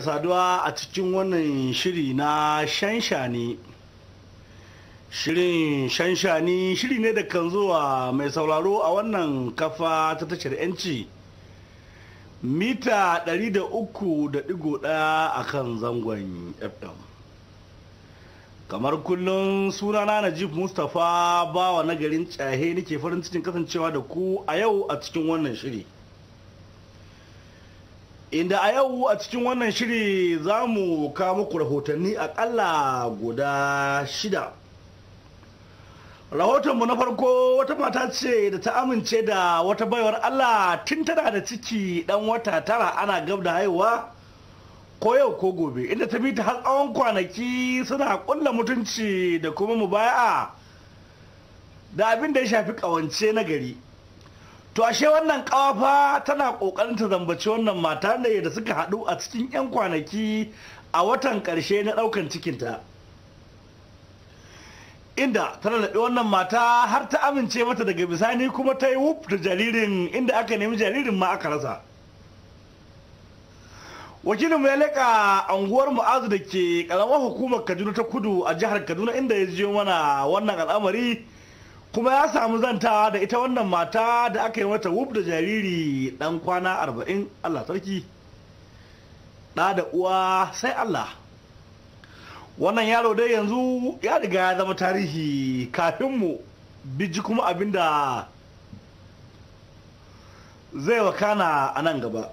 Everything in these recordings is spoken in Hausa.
saduwa a cikin wannan shiri na shanshani shirin shanshani shiri ne da kan zuwa mai sauraro a wannan kafa ta tashar yanci mita 300.1 a kan zangon fm kamar kullum sunana najib mustapha bawa nagarin garin cahe nake farin cikin kasancewa da ku a yau a cikin wannan shiri inda a yau a cikin wannan shiri za mu kawo muku rahotanni akalla guda shida rahotonmu na farko wata mata ce da ta amince da wata baiwar allah tun tana da ciki dan wata tara ana gab da haihuwa ko yau ko gobe inda ta bi ta har tsawon kwanaki suna kulla mutunci da kuma mubaya da abin da ya shafi kawance na gari to ashe wannan ƙawafa tana kokarin ta zambaci wannan mata ne da suka haɗu a cikin 'yan kwanaki a watan ƙarshe na ɗaukan cikinta inda tana naɗi wannan mata har ta amince mata daga bisani kuma ta yi wuf da jaririn inda aka nemi jaririn ma aka rasa wakilin ya leƙa anguwar mu'azu da ke ƙaramar hukumar kaduna ta kudu a jihar kaduna inda ya jiyo mana wannan al'amari kuma ya samu zanta da ita wannan mata da aka yi mata wub da jariri dan kwana arba'in allah sarki ɗa da uwa sai allah wannan yaro dai yanzu ya riga ya zama tarihi kafin mu biji kuma abinda zai wakana a nan gaba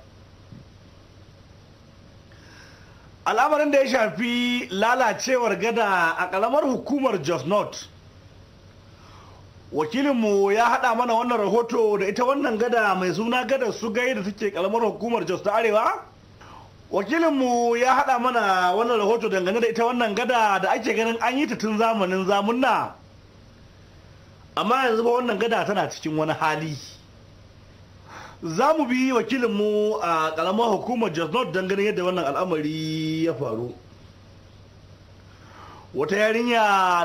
al'amarin da ya shafi lalacewar gada a ƙaramar hukumar jos north wakilinmu ya haɗa mana wannan rahoto da ita wannan gada mai suna gada su gai da take kalmar hukumar jos ta arewa wakilinmu ya haɗa mana wannan rahoto dangane da ita wannan gada da ake ganin an yi ta tun zamanin zamunna amma yanzu ba wannan gada tana cikin wani hali za mu bi wakilinmu a kalamar hukumar jos north dangane yadda wannan al'amari ya faru wata yarinya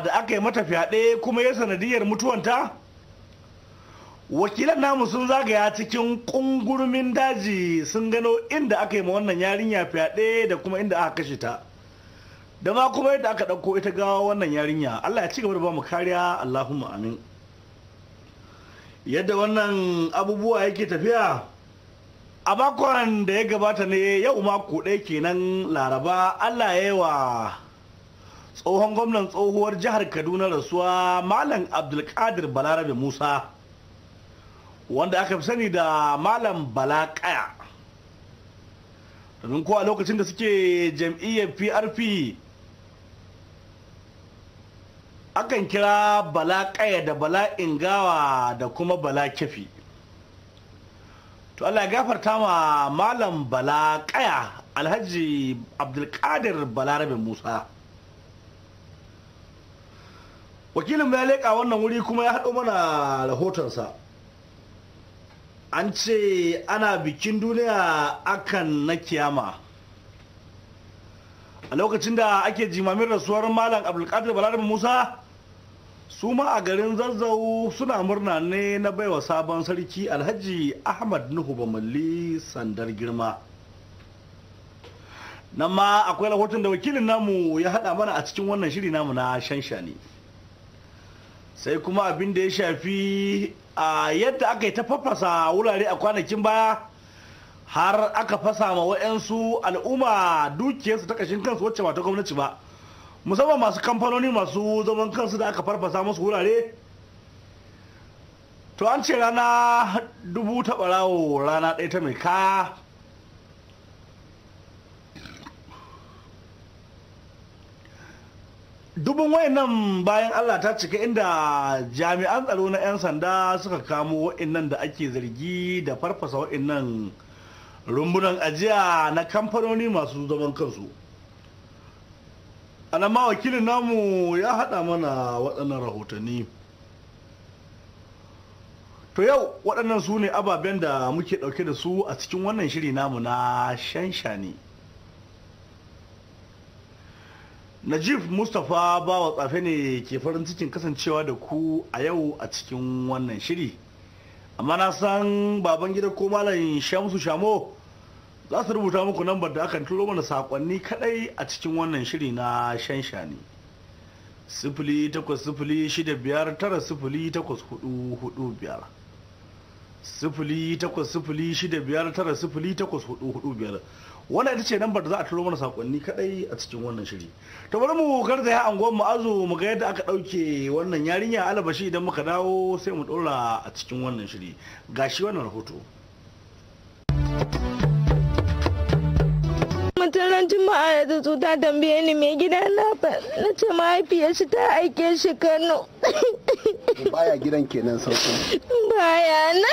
da aka yi mata fyaɗe kuma ya sanadiyar mutuwanta wakilan namu sun zagaya cikin ƙungurmin daji sun gano inda aka yi ma wannan yarinya fyaɗe da kuma inda aka kashe ta da ma kuma yadda aka ɗauko ita gawa wannan yarinya allah ya ci gaba da ba mu kariya allahumma amin yadda wannan abubuwa yake tafiya a makon da ya gabata ne yau mako ɗaya kenan laraba allah ya yi wa tsohon gwamnan tsohuwar jihar kaduna rasuwa malam abdulkadir balarabe musa wanda aka fi sani da malam bala ƙaya. domin kowa lokacin da suke jam'iyyar prp akan kira bala da bala ingawa da kuma bala kyafi to allah gafarta ma malam bala alhaji abdulkadir balarabe musa wakilin ya leƙa wannan wuri kuma ya haɗo mana rahotonsa an ce ana bikin duniya akan na kiyama a lokacin da ake jimamin rasuwar malam abdulkadir balarabin musa su ma a garin zazzau suna murna ne na baiwa sabon sarki alhaji ahmad nuhu bamalli sandar girma nan ma akwai rahoton da wakilin namu ya haɗa mana a cikin wannan shiri namu na shanshani sai kuma abin da ya shafi a yadda aka yi ta fafasa wurare a kwanakin baya har aka fasa ma wa'yansu al'umma dukiyarsu ta kashin kansu wacce ba ta gwamnati ba musamman masu kamfanoni masu zaman kansu da aka farfasa musu wurare to an ce rana dubu ta ɓarawo rana ɗaya ta mai ka dubin wayannan bayan Allah ta cika inda jami'an tsaro na 'yan sanda suka kamo wayannan da ake zargi da farfasa wayannan rumbunan ajiya na kamfanoni masu zaman kansu alama wakilin namu ya haɗa mana waɗannan rahotanni to yau waɗannan su ne ababen da muke ɗauke da su a cikin wannan shiri namu na shanshani. najib mustapha ba wa tsafe ne ke farin cikin kasancewa da ku a yau a cikin wannan shiri amma na san baban gida ko malam shamsu shamo za su rubuta muku lambar da akan turo mana sakonni kadai a cikin wannan shiri na shanshani sifili takwas sifili shida biyar tara sifili takwas hudu hudu biyar sifili takwas sifili shida biyar tara sifili takwas hudu hudu biyar wannan ita ce lambar da za a turo mana sakonni kadai a cikin wannan shiri to bari mu garzaya anguwan mu azu mu ga yadda aka dauke wannan yarinya albashi idan muka dawo sai mu dora a cikin wannan shiri gashi wannan rahoto mataran juma'a da zuzu ta tambaye ni mai gida na na ce mahaifiyarsa ta aike shi kano baya gidan kenan sauƙi baya na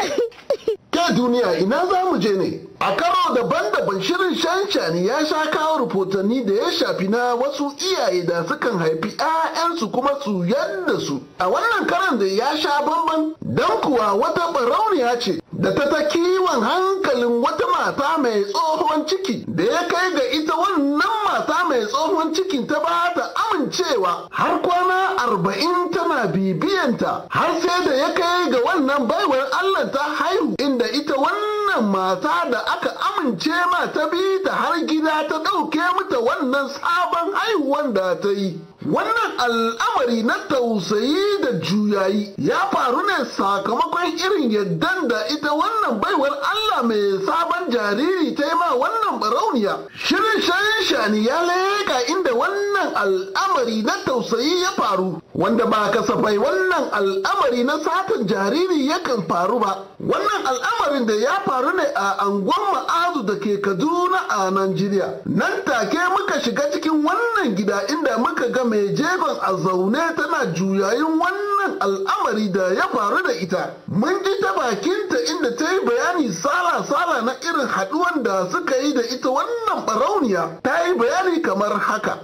ke duniya ina za mu je ne a karo daban-daban shirin shanshani ya sha kawo rahotanni da ya shafi na wasu iyaye da sukan haifi 'ya'yansu kuma su yadda su a wannan karan da ya sha bamban don kuwa wata barauniya ce da ta ta kiwon hankalin wata mata mai tsohon ciki da ya kai ga ita wannan mata mai tsohon cikin ta ba ta amincewa har kwana arba'in tana bibiyanta har sai da ya kai ga wannan baiwar Allah ta haihu inda ita wannan mata da aka amince ma ta bi ta har gida ta ɗauke mata wannan sabon haihuwan da ta yi wannan al'amari na tausayi da juyayi ya faru ne sakamakon irin yaddan da ita wannan baiwar Allah mai sabon jariri ta yi ma wannan barauniya shirin shayin shani ya leka inda wannan al'amari na tausayi ya faru wanda ba kasafai wannan al'amari na satan jariri yakan faru ba wannan al'amarin da ya faru ne a angon ma'azu da ke kaduna a najeriya nan take muka shiga cikin wannan gida inda muka ga mai jegon a zaune tana juyayin wannan al'amari da ya faru da ita mun ji ta bakinta inda ta yi bayani sala-sala na irin haɗuwan da suka yi da ita wannan barauniya ta yi bayani kamar haka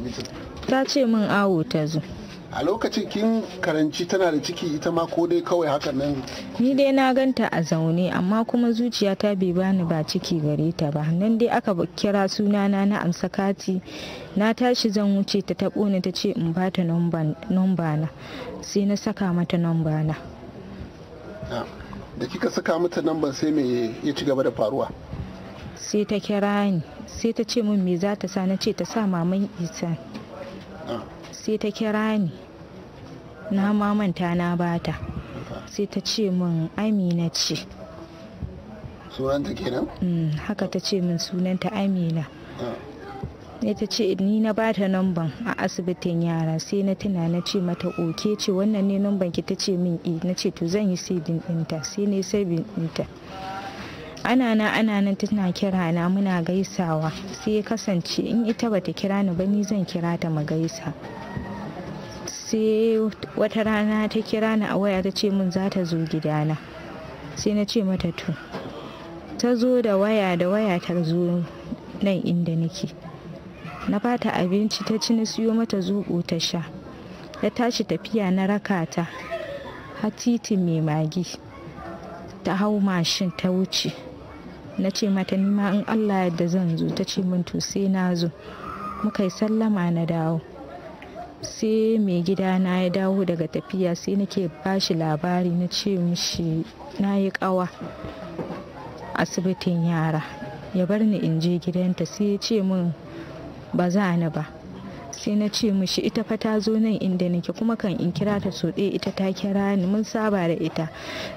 ta ce min awo ta zo a lokacin kin karanci tana da ciki ita ma ko dai kawai hakan nan ni dai na ganta a zaune amma kuma zuciya ta bai bani ba ciki gare ta ba nan dai aka kira sunana na amsa kati na tashi zan wuce ta taɓo ni ta ce in ba ta nomba na sai na saka mata nomba na da kika saka mata nomba sai me ya ci gaba da faruwa sai ta kira ni sai ta ce min me za ta sa na ce ta sa maman isa sai ta kira ni na ma manta na bata sai ta ce min amina ce sunanta kenan mm, haka ta ce min sunanta amina ne ah. ta ce ni na bata namban a asibitin yara sai na tuna na ce mata oke ce wannan ne numban ki ta ce min e na ce to zan yi sai dinta sai na yi dinta ana na ana nan tana kira na muna gaisawa sai ya kasance in ita bata kira ni ba ni zan kira ta mu gaisa sai wata rana ta kira ni a waya ta ce min za ta zo gidana sai na ce mata to ta zo da waya da waya ta zo nan inda nake na fata abinci ta ci na siyo mata zuƙo ta sha ta tashi tafiya na raka ta hatiti mai magi ta hau mashin ta wuce na ce mata nima in allah yadda zan zo ta ce min to sai na zo muka yi sallama na dawo sai mai gida na ya dawo daga tafiya sai nake bashi labari na ce mishi na yi kawa asibitin yara ya bar ni in je gidanta sai ya ce min ba za ni ba sai na ce mishi ita fa ta zo nan inda nake kuma kan in kira ta so ɗaya ita ta kira ni mun saba da ita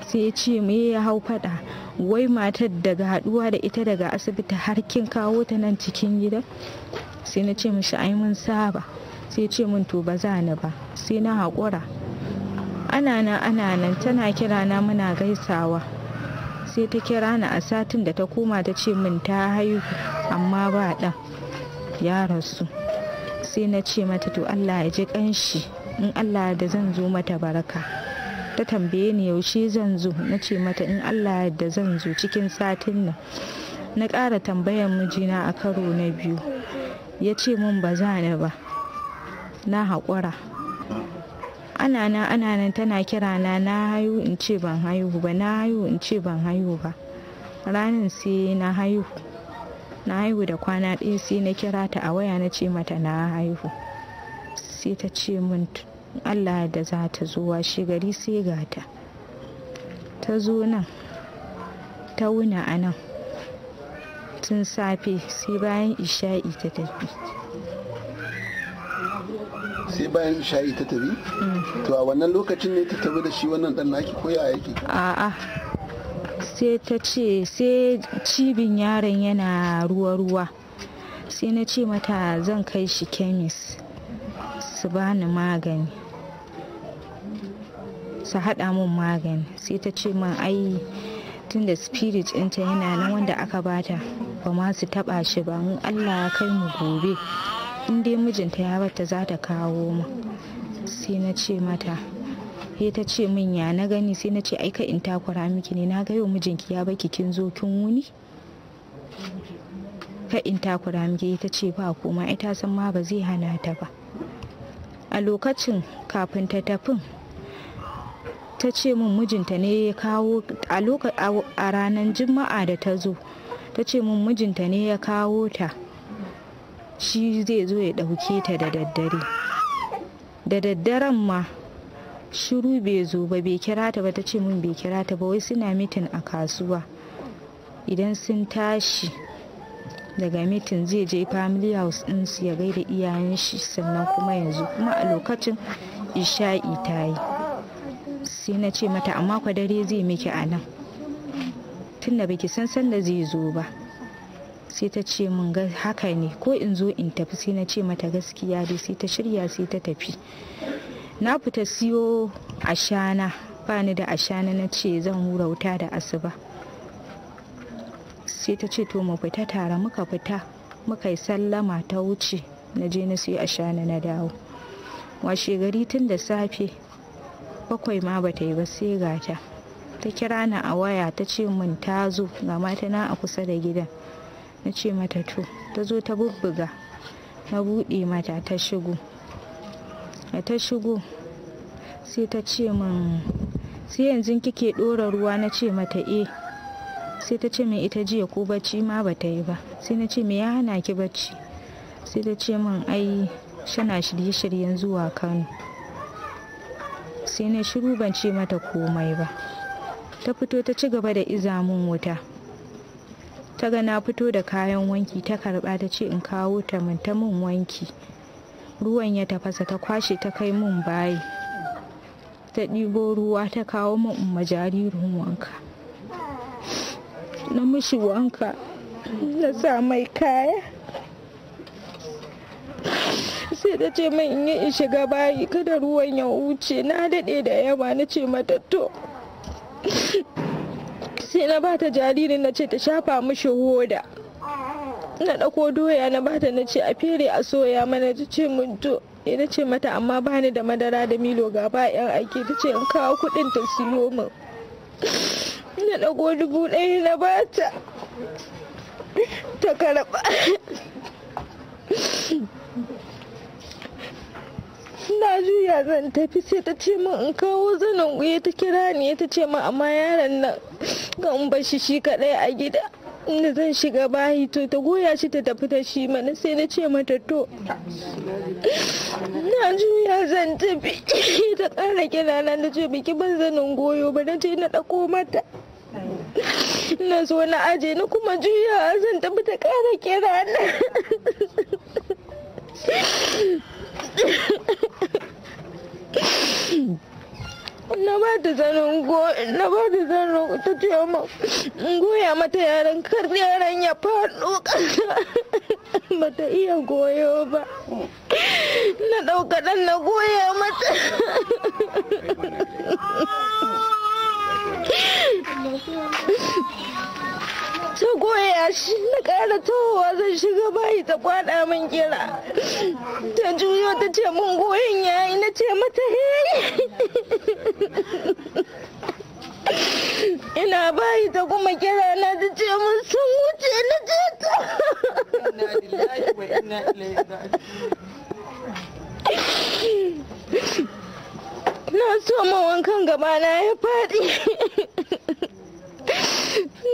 sai ya ce mu ya hau faɗa wai matar daga haduwa da ita daga asibiti har kin kawo ta nan cikin gida sai na ce mishi ai mun saba sai ce min to ba za ni ba sai na haƙura ana nan ana nan tana kira na muna gaisawa sai ta kira ni a satin da ta koma ta ce min ta haihu amma ba ɗan ya rasu sai na ce mata to allah ya ji ƙanshi in allah da zan zo mata baraka ta tambaye ni yaushe zan zo na ce mata in allah da zan zo cikin satin nan na ƙara tambayar mijina a karo na biyu ya ce min ba za ni ba na haƙura ana nan ana nan tana kira na na haihu in ce ban haihu ba na haihu in ce ban haihu ba ranin sai na haihu na haihu da kwana ɗaya sai na kira ta a waya na ce mata na haihu sai ta ce min allah da za ta zo washe gari sai gata ta zo nan ta wuna a nan tun safe sai bayan isha'i ta tafi sai bayan shayi ta tafi to a wannan lokacin ne ta tafi da shi wannan dan naki ko ya yake a'a sai ta ce sai cibin yaron yana ruwa-ruwa sai na ce mata zan kai shi kemis su bani magani su haɗa mun magani sai ta ce man ai tunda da spirit ɗinta yana nan wanda aka bata ba ma su taɓa shi ba in allah ya kai mu gobe in dai mijinta ya bata za ta kawo mu sai na ce mata sai ta ce min ya na gani sai na ce aika in takura miki ne na ga yau mijinki ya baki kin zo kin wuni ka in takura miki ta ce ba koma ita san ma ba zai hana ta ba a lokacin kafin ta tafin ta ce min mijinta ne ya kawo a ranar juma'a da ta zo ta ce min mijinta ne ya kawo ta shi zai zo ya ɗauke ta da daddare da daddaren ma shiru bai zo ba bai kira ta ba ta ce min bai kira ta ba wai suna mitin a kasuwa idan sun tashi daga mitin zai je family house su ya gaida iyayen shi sannan kuma yanzu kuma a lokacin isha'i ta yi sai na ce mata amma kwadare zai miki a nan Tun da baki san sanda zai zo ba sai ta ce min haka ne ko in zo in tafi sai na ce mata gaskiya dai sai ta shirya sai ta tafi na fita siyo ashana bani da ashana na ce zan hura wuta da asuba sai ta ce to mu fita tare muka fita muka yi sallama ta wuce na je na siyo ashana na dawo washe gari tun da safe bakwai ma bata yi ba sai gata ta kira ni a waya ta ce min ta zo ga matana a kusa da gidan na ce mata to ta zo ta bubbuga na buɗe mata ta shigo da ta shigo sai ta ce min sai yanzu kike ɗora ruwa na ce mata e sai ta ce min ita jiya ko bacci ma ba ta yi ba sai na ce me ya hana ki bacci sai ta ce min ai shana shirye-shiryen zuwa kano sai na shiru ban ce mata komai ba ta fito ta ci gaba da izamin wuta ta ga na fito da kayan wanki ta karba ta ce in kawo ta min ta mun wanki ruwan ya tafasa ta kwashe ta kai mun bayi ta ɗibo ruwa ta kawo min umma jaririn wanka na mishi wanka na sa mai kaya sai da ce min in yi in shiga bayi kada ruwan ya wuce na daɗe da yawa na ce mata to sai na bata jaririn na ce ta shafa mishi hoda na ɗauko doya na bata na ce a fere a soya mana ta ce mun to na ce mata amma bani da madara da milo ga ba yan aiki ta ce in kawo kuɗin ta siyo min na ɗauko dubu ɗaya na bata ta karɓa na juya zan tafi sai ta ce min in kawo zanin wuya ta kira ni ta ce min amma yaron nan kan bashi shi kadai a gida inda zan shiga bayi to ta goya shi ta tafi da shi mana sai na ce mata to na juya zan tafi ta kara kira na na ce biki ban zanin goyo ba na ce na dako mata na zo na aje na kuma juya zan tafi ta kara kira na na ba ta zanen na ba ta zanen ta ce ma goya mata yaran kar yaran ya faɗo ƙasa ba ta iya goyo ba na ɗauka ɗan na goya mata ta goya shi na ƙara tohowa zan shiga bayi ta kwada min kira ta juyo ta ce mun goyin yi na ce mata ina bayi ta kuma kira na ta ce mun sun wuce na ce na so ma wankan gaba na ya faɗi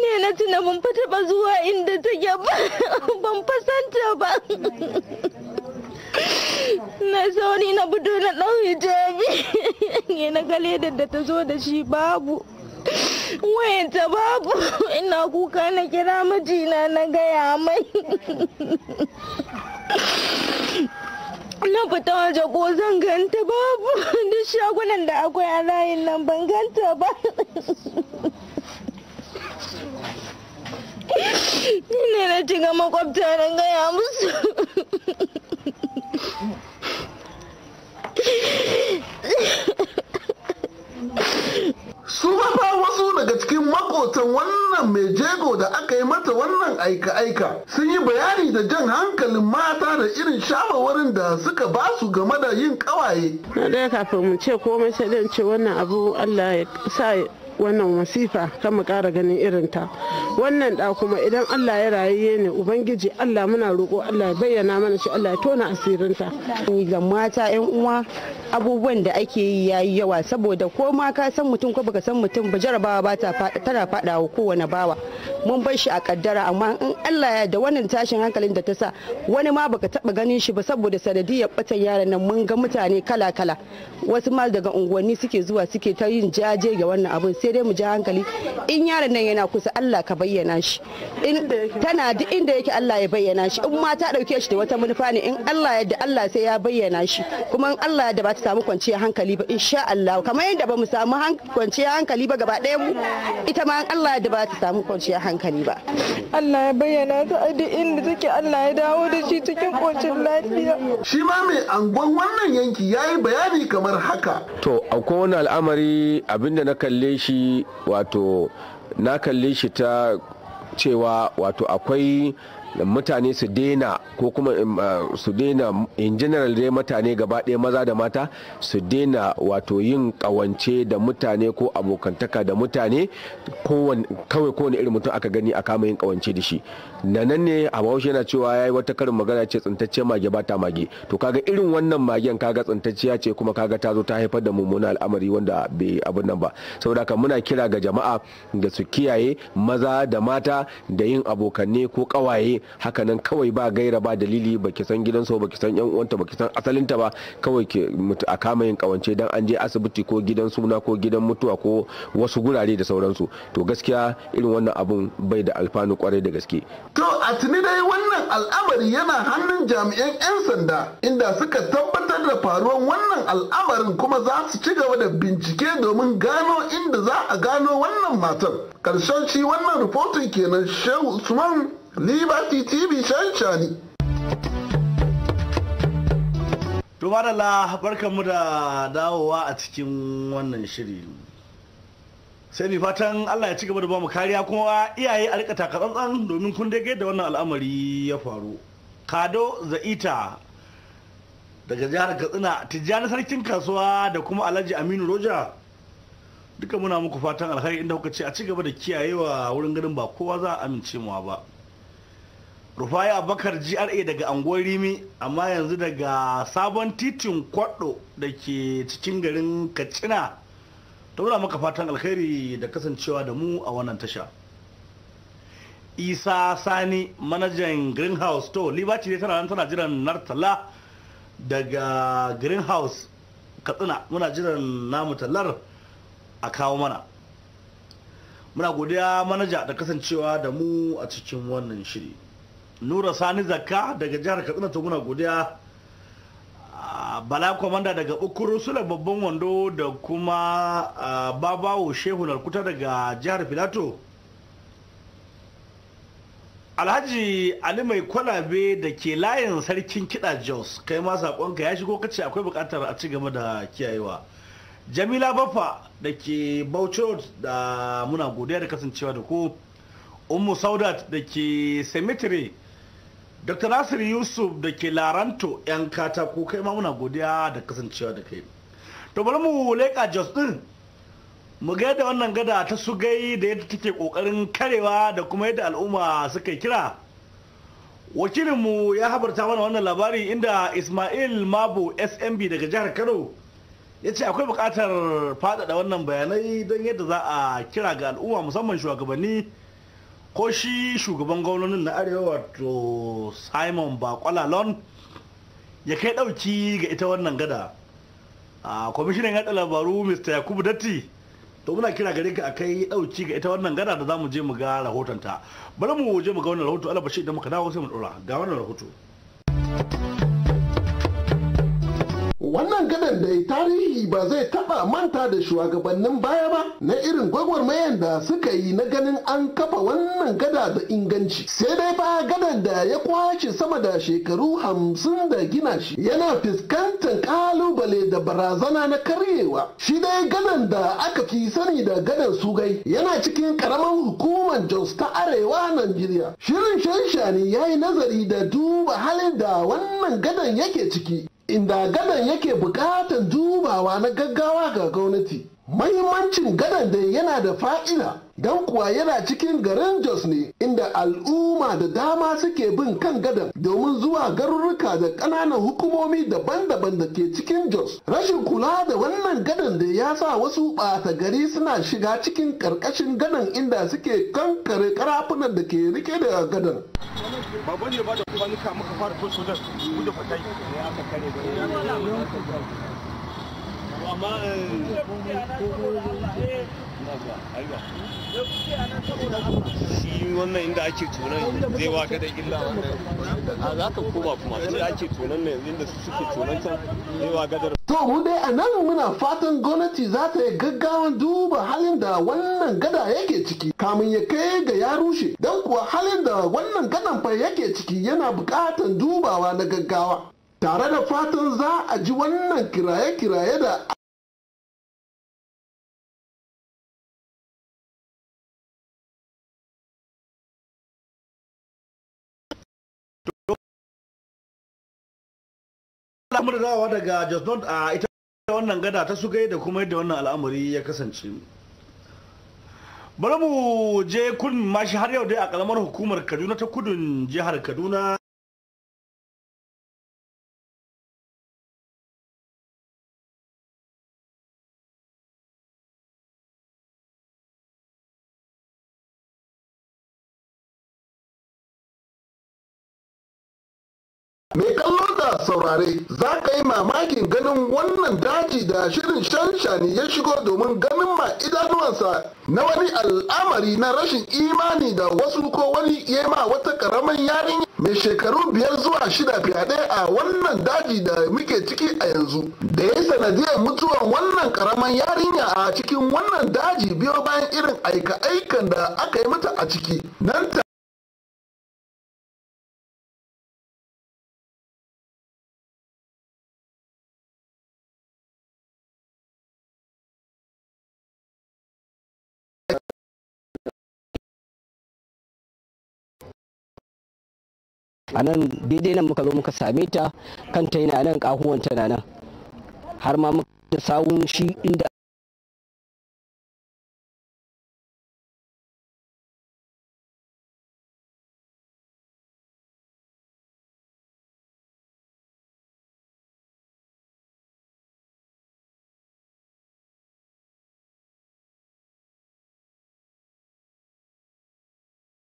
Nena tuna ban fa taɓa zuwa inda take ba ban fasanta ba na sauri na budo na ɗau hijabi ne na ga da ta zo da shi babu wayanta babu ina kuka na kira mijina na gaya mai na fita waje ko zan ganta babu duk shagunan da akwai a layin nan ban ganta ba ne na shiga makwabta na gaya musu su fa wasu daga cikin makotan wannan mai jego da aka yi mata wannan aika-aika sun yi bayani da jan hankalin mata da irin shawarwarin da suka ba su game da yin kawaye na ɗaya kafin mu ce komai sai ce wannan abu allah ya sa wannan masifa kan mu ƙara ganin irinta wannan da kuma idan allah ya rayaye ne ubangiji allah muna roƙo allah ya bayyana mana shi allah ya tona asirinta ga mata yan uwa abubuwan da ake yi yayi yawa saboda ko ma ka san mutum ko baka san mutum ba jarabawa ba ta tana wa kowane bawa mun bar shi a kaddara amma in allah ya da wannan tashin hankalin da ta sa wani ma baka taba ganin shi ba saboda sanadiyar batan yaran nan mun ga mutane kala kala wasu ma daga unguwanni suke zuwa suke ta yin jaje ga wannan abin sai dai mu ji hankali in yaron nan yana kusa Allah ka bayyana shi in tana duk inda yake Allah ya bayyana shi in ma ta dauke shi da wata manufa ne in Allah yadda Allah sai ya bayyana shi kuma in Allah yadda ba ta samu kwanciyar hankali ba insha Allah kamar yadda ba mu samu kwanciyar hankali ba gaba ɗaya mu ita ma in Allah yadda ba ta samu kwanciyar hankali ba Allah ya bayyana ta a duk inda take Allah ya dawo da shi cikin kocin lafiya shi ma mai angon wannan yanki yayi bayani kamar haka to akwai wani al'amari abinda na kalle shi shi wato na kalli shi ta cewa wato akwai mutane su daina ko kuma eh, su daina in general dai mutane gaba ɗaya maza da mata su daina wato yin kawance da mutane ko abokantaka da mutane kawai kowane irin mutum aka gani a kama yin ƙawance da shi da nan ne a bahaushe yana cewa ya yi wata karin magana ce tsintacce mage ba ta mage to kaga irin wannan magen kaga tsintacciya ce kuma kaga ta zo ta haifar da mummunan al'amari wanda bai abin nan ba saboda haka muna kira ga jama'a da su kiyaye maza da mata da yin abokanne ko kawaye hakanan kawai ba gaira ba dalili baki san gidan ba baki san yan uwanta baki san asalinta ba kawai a kama yin kawance dan an je asibiti ko gidan suna ko gidan mutuwa ko wasu gurare da sauransu to gaskiya irin wannan abun bai da alfanu kwarai da gaske To a tuni dai wannan al'amari yana hannun jami'an 'yan sanda inda suka tabbatar da faruwan wannan al'amarin kuma za su ci gaba da bincike domin gano inda za a gano wannan matan. Karshen shi wannan rufotin kenan Shehu Usman Liberty TV Shanshani. Tumarala barkanmu da dawowa a cikin wannan shiri. sai mai fatan Allah ya ci gaba da bamu kariya kuma iyaye a rika takatsantsan domin kun dai da wannan al'amari ya faru kado za'ita daga jihar katsina tijjani sarkin kasuwa da kuma alhaji aminu roja duka muna muku fatan alhari inda kuka ce a ci gaba da kiyayewa wurin ganin ba kowa za a amince mu ba rufai abakar gra daga anguwar rimi amma yanzu daga sabon titin kwaɗo da ke cikin garin katsina Taura maka fatan alkhairi da kasancewa da mu a wannan tasha. Isa Sani manajan Greenhouse to Liberty ne tana nan tana jiran Nartala daga Greenhouse Katsina muna jiran namu talar a kawo mana. Muna godiya manaja da kasancewa da mu a cikin wannan shiri. Nura Sani Zakka daga jihar Katsina to muna godiya bala kwamanda daga ukuru sula babban wando da kuma ah, babawo shehu narkuta daga jihar filato alhaji ali mai kwalabe da ke layin sarkin kiɗa jos kai ma saƙonka ya shigo kace akwai buƙatar a ci gaba da kiyayewa jamila baffa da ke bauchi da muna godiya da kasancewa da ku Umu saudat da ke cemetery dr nasir yusuf da ke laranto yan katako kai ma muna godiya da kasancewa da kai to bari mu leka jos ɗin, mu ga yadda wannan gada ta sugai da yadda take kokarin karewa da kuma yadda al'umma suka kira wakilinmu ya habarta mana wannan labari inda ismail mabo smb daga jihar kano ya ce akwai bukatar faɗaɗa wannan bayanai don yadda za a kira ga al'umma musamman shugabanni ko shi shugaban gwamnonin na arewa wato simon bakwalalon ya kai ɗauki ga ita wannan gada a kwamishinan yaɗa labaru mr yakubu datti to muna kira gare ka akai ɗauki ga ita wannan gada da zamu je mu ga rahotonta bari mu je mu ga wannan rahoto alabashi idan muka dawo sai mu ɗora ga wannan rahoto wannan gadon da tarihi ba zai taba manta da shugabannin baya ba na irin gwagwarmayan da suka yi na ganin an kafa wannan gada da inganci sai dai ba gadon da ya kwace sama da shekaru hamsin da gina shi yana fuskantar kalubale da barazana na karyewa shi dai gadon da aka fi sani da gadon sugai yana cikin karamin hukumar jos ta arewa najeriya shirin shanshani ya yi nazari da duba halin da wannan gadon yake ciki inda gadon yake buƙatar dubawa na gaggawa ga gwamnati. Mahimmancin gadon da yana da fa'ida don kuwa yana cikin garin Jos ne inda al'umma da dama suke bin kan gadon, domin zuwa garuruka da ƙananan hukumomi daban-daban da ke cikin Jos. Rashin kula da wannan gadon da ya sa wasu ɓata gari suna shiga cikin ƙarƙashin gadan inda suke kankare ƙarafunan da ke rike da gadan. amma eh, shi wannan inda ake zai waka da illa a za ka koma kuma ake inda suke can zai waka da to mu dai a nan muna fatan gwamnati za ta yi gaggawan duba halin da wannan gada yake ciki kamun ya kai ga ya rushe don kuwa halin da wannan gadan fa yake ciki yana bukatan dubawa na gaggawa tare da fatan za a ji wannan kiraye-kiraye da da dawowa daga just not a ita wannan gada ta su da kuma yadda wannan al'amari ya kasance bari mu je kun mashi har yau dai a kalamar hukumar kaduna ta kudun jihar kaduna Me saurare za ka yi mamakin ganin wannan daji da shirin shanshani ya shigo domin ganin ma idanuwansa na wani al'amari na rashin imani da wasu ko wani ma wata karamin yarinya mai shekaru biyar zuwa shida fyaɗe a wannan daji da muke ciki a yanzu da ya sanadiyar mutuwan wannan karaman yarinya a cikin wannan daji biyo bayan irin aika-aikan da aka yi mata a ciki nan a nan daidai nan muka zo muka same ta kanta yana nan kahuwanta na nan har ma muka sawun shi inda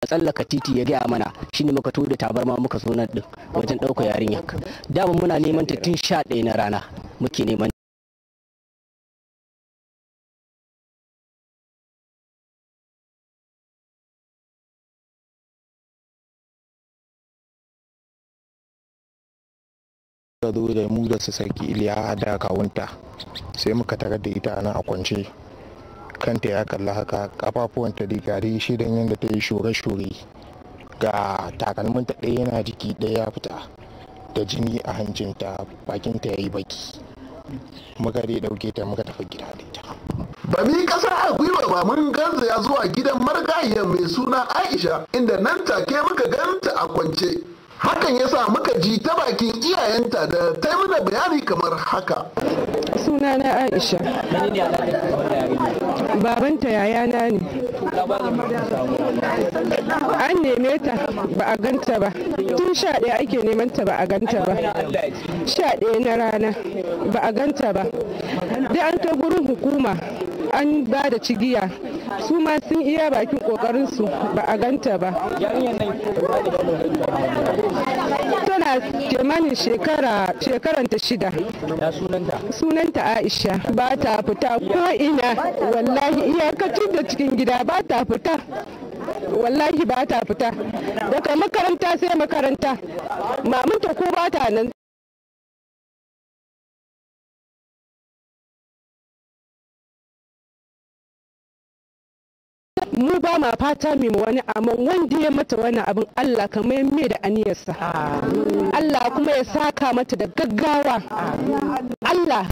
tsallaka titi ya gaya mana shi shine muka tuda da tabarma muka zo nan din wajen ɗauka yarinya dama muna neman ta tun sha ɗaya na rana muke neman da mu da su saki iliya da kawunta sai muka tarar da ita nan a kwance kanta ya kalla haka ta kafafuwan gari shi da yadda ta yi shure-shure ga takalminta ɗaya yana jiki ɗaya ya fita da jini a hancinta bakin ya yi baki muka dai ɗauke ta muka tafi gida da ita ba mi kasa a gwiwa ba mun ya zuwa gidan margayiyar mai suna aisha inda nan take muka ganta a kwance hakan ya sa muka ji ta bakin iyayenta da ta yi mana bayani kamar haka suna na aisha babanta yayana ne an neme ta ba a ganta ba tun sha ɗaya ake neman ta ba a ganta ba sha ɗaya na rana ba a ganta ba da an ta gurin hukuma an ba da cigiya su ma sun iya bakin su ba a ganta ba tana kimanin shekara shekaranta shida sunanta aisha ba ta fita ko ina wallahi iyakacin da cikin gida ba ta fita wallahi ba ta fita daga makaranta sai makaranta mamunta ko ba ta nan mu ba ma fata mai mu wani amma wanda ya mata wani abin Allah kamar me da aniyarsa Allah kuma ya saka mata da gaggawa Allah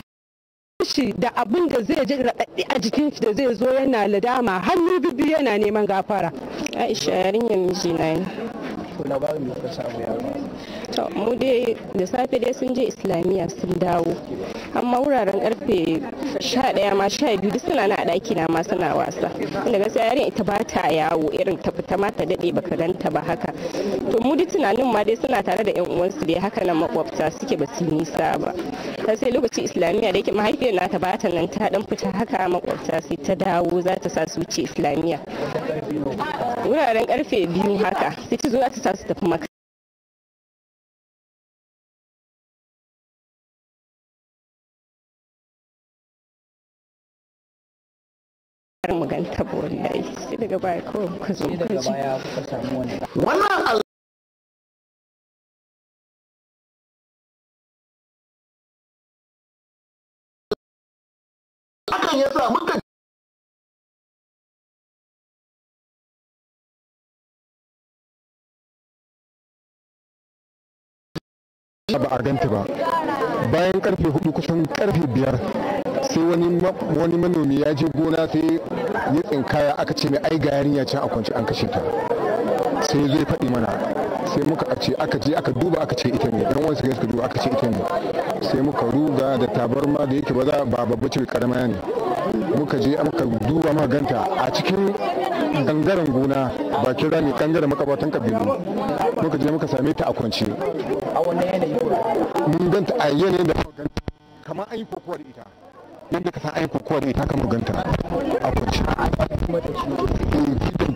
shi da abin da zai ji raɗaɗi a jikin shi da zai zo yana ladama hannu bibi yana neman gafara aisha yarinyar mijina yi to mu dai da safe dai sun je islamiyya sun dawo amma wuraren karfe 11 ma 12 duk suna na daki na ma suna wasa inda gaskiya yarin ita ba ta yawo irin ta fita ma ta dade baka ganta ba haka to mu dai tunanin ma dai suna tare da yan uwansu dai haka nan makwabta suke ba su nisa ba sai lokaci islamiyya da yake mahaifiyar ta ba ta nan ta dan fita haka makwabta sai ta dawo za ta sa su wuce islamiyya wuraren karfe biyu haka sai ta zo za ta sa su tafi maka an taɓa wannan sai daga baya kawai kuka zo muka ji wannan hakan yasa muka ba a ganta ba bayan karfe hudu kusan karfe biyar sai wani manomi ya je gona sai ya tsinkaya aka ce mai ai ga yarinya can a kwance an kashe ta sai zai faɗi mana sai muka ce aka je aka duba aka ce ita ne dan wasu suka duba aka ce ita ne sai muka ruga da tabarma da yake ba za ba babba ce karama ne muka je muka duba muka ganta a cikin gangaren gona bakin rami gangaren makabatan kabilu muka je muka same ta a kwance a wannan yanayi mun ganta a yanayin da kamar an yi kokowa da ita yadda ka san ayin kowa ne ta kama ganta a kwanci eh, cikin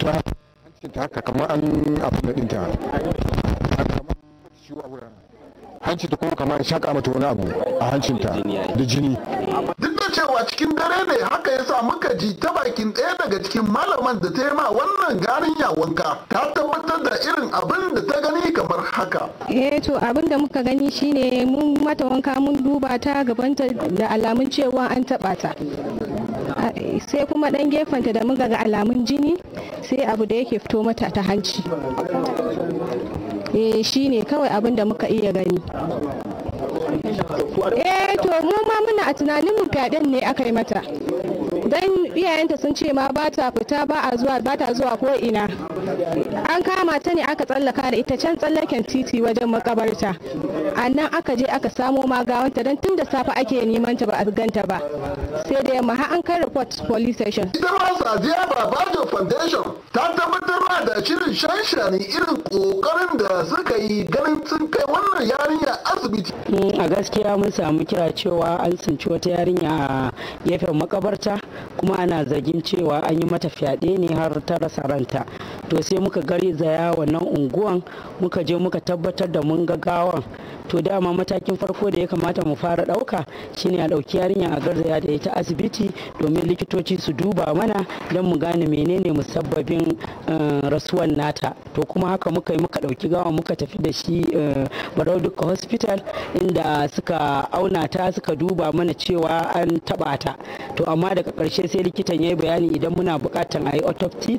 ta haka kamar an abu na dinta, a kamar ciwo a wuraren hanci ta kuma kamar shaƙa mata wani abu a hancinta da jini duk da cewa cikin dare ne haka yasa muka ji ta bakin ɗaya daga cikin malaman da ta yi ma wannan garin wanka ta tabbatar da irin abin da ta gani kamar haka eh to abin da muka gani shine mun mata wanka mun duba ta gabanta da alamun cewa an taɓa ta sai kuma dan gefenta da muka ga alamun jini sai abu da yake fito mata ta hanci eh shi ne kawai abin da muka iya gani eh to mu ma muna a tunanin mu fyaɗen ne aka yi mata dan iyayenta sun ce ma ba ta fita ba a zuwa ba ta zuwa ko ina an kama ta ne aka tsallaka da ita can tsallaken titi wajen makabarta a nan aka je aka samo magawanta don tun da safe ake neman ta ba a ganta ba sai da yamma har an kai report police station ita ma sadiya babajo foundation ta tabbatar da shirin shanshani irin kokarin da suka yi ganin sun kai wannan yarinya asibiti hmm, a gaskiya mun samu kira cewa an tsinci wata yarinya a gefen makabarta kuma ana zargin cewa an yi mata fyaɗe ne har ta rasa ranta to sai muka garzaya wannan unguwan muka je muka tabbatar da mun gagawan to dama matakin farko da ya kamata mu fara ɗauka shine a ɗauki yarinya a garzaya da ita asibiti domin likitoci su duba mana don mu gane menene musabbabin eh, rasuwan nata to kuma haka muka yi muka ɗauki gawa muka tafi da shi eh, barau duka hospital inda suka auna ta suka duba mana cewa an taɓa ta to amma daga karshe sai likitan ya yi bayani idan muna buƙatan a yi autopsy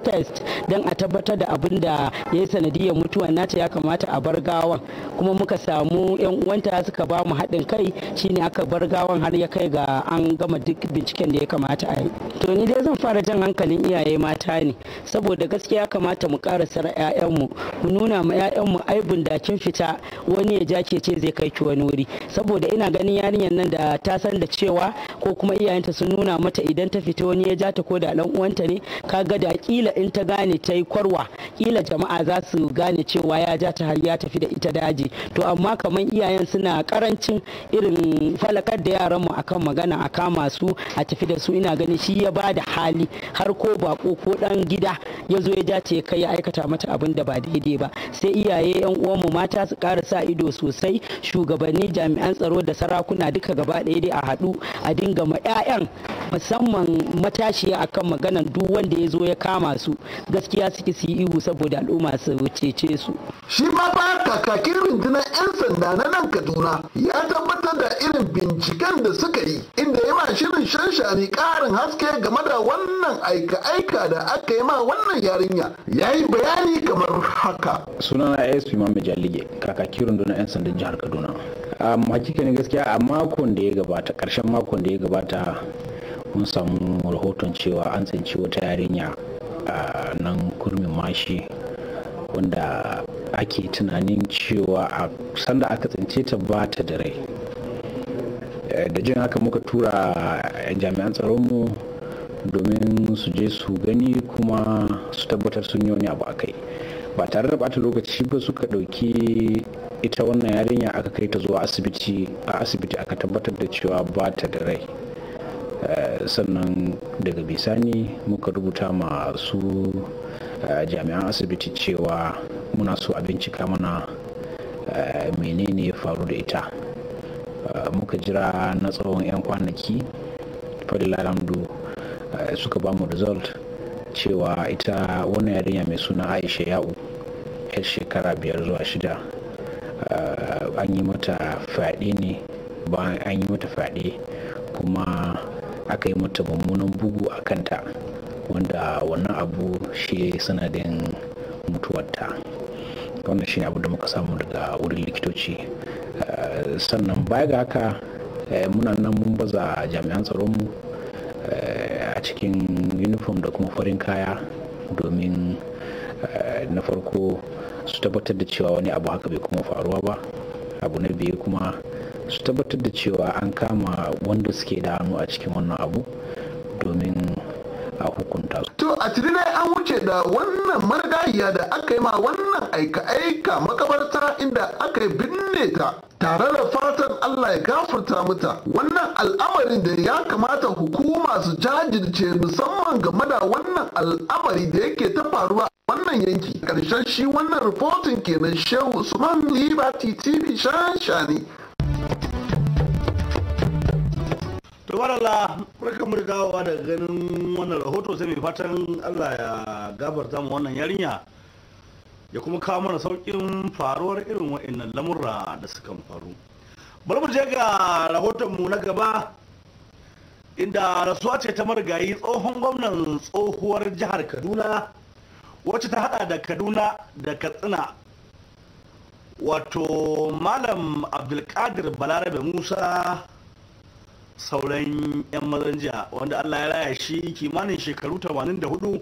don a tabbatar da abin wanda ya yi sanadiyar mutuwan nata ya kamata a bar gawan kuma muka samu yan uwanta suka ba mu haɗin kai shine aka bar gawan har ya kai ga an gama duk binciken da ya kamata a yi to ni dai zan fara jan hankalin iyaye mata ne saboda gaskiya kamata mu ƙara sara 'ya'yanmu mu nuna ma 'ya'yanmu aibin da kin fita wani ya ja ce zai kai ki wani wuri saboda ina ganin yarinyar nan da ta san da cewa ko kuma iyayenta sun nuna mata idan ta fita wani ya jata ko da dan uwanta ne kaga da kila in ta gane ta yi kwarwa kila jama'a za su gane cewa ya ja ta har ya tafi da ita daji to amma kamar iyayen suna karancin irin falakar da yaran mu akan magana a kama su a tafi da su ina ganin shi ya bada hali har ko bako ko dan gida ya zo ya ja ta kai ya aikata mata abin da ba daidai ba sai iyaye yan uwan mu mata su ƙara sa ido sosai shugabanni jami'an tsaro da sarakuna duka gaba ɗaya dai a haɗu a dinga ma 'ya'yan musamman matashiya akan maganan duk wanda ya zo ya kama su gaskiya suke su yi ihu saboda al'umma su wucece su shi ma ba kakakin rundunar 'yan sanda na nan kaduna ya tabbatar da irin binciken da suka yi inda ya ma shirin shanshani karin haske game da wannan aika-aika da aka yi ma wannan yarinya ya yi bayani kamar haka sunana asp mamu jalige kakakin rundunar 'yan sandan jihar kaduna hakika ne gaskiya a makon da ya gabata karshen makon da ya gabata mun samu rahoton cewa an tsinci wata yarinya a nan kurmin mashi wanda ake tunanin cewa a sanda aka tsince ta ba ta da rai eh, da jin haka muka tura jami'an tsaronmu domin su je su gani kuma su tabbatar sun yi wani abu a kai ba tare da bata lokaci ba suka ɗauki ita wannan yarinya aka kai ta zuwa asibiti a asibiti aka tabbatar da cewa ba ta da rai Eh, sannan daga bisani muka rubuta masu eh, jami'an asibiti cewa muna so a bincika mana eh, menene ya faru da ita muka jira na tsawon 'yan kwanaki alhamdu suka bamu mu result cewa ita wannan yarinya mai suna aisha ya'u yar shekara biyar zuwa shida an yi mata fyaɗe ne bayan an yi mata fyaɗe kuma aka yi mata mummunan bugu a kanta wanda wannan abu shi sanadin mutuwarta wannan shi ne abu da muka samu daga wurin likitoci eh, sannan baya ga haka eh, muna nan mun baza jami'an mu eh, a cikin uniform da kuma farin kaya domin na farko su tabbatar da cewa wani abu haka bai kuma faruwa ba abu na biyu kuma su tabbatar da cewa an kama wanda suke da hannu a cikin wannan abu domin a hukunta su. To a tuni dai an wuce da wannan margariya da aka yi ma wannan aika-aika makabarta inda aka yi binne ta tare da fatan Allah ya gafarta mata wannan al'amarin da ya kamata hukuma su jajirce musamman game da wannan al'amari da yake ta faruwa wannan yanki karshen shi wannan ripotin kenan shehu usman liberty tv shani to warala barka mu da ganin wannan rahoto sai mai fatan allah ya gabarta mu wannan yarinya ya kuma kawo mana saukin faruwar irin wa'annan lamura da suka faru bari mu je ga rahotonmu na gaba inda rasuwa ce ta marigayi tsohon gwamnan tsohuwar jihar kaduna wacce ta hada da kaduna da katsina wato malam abdulkadir balarabe musa sauran 'yan jiya? wanda allah ya raya shi kimanin shekaru 84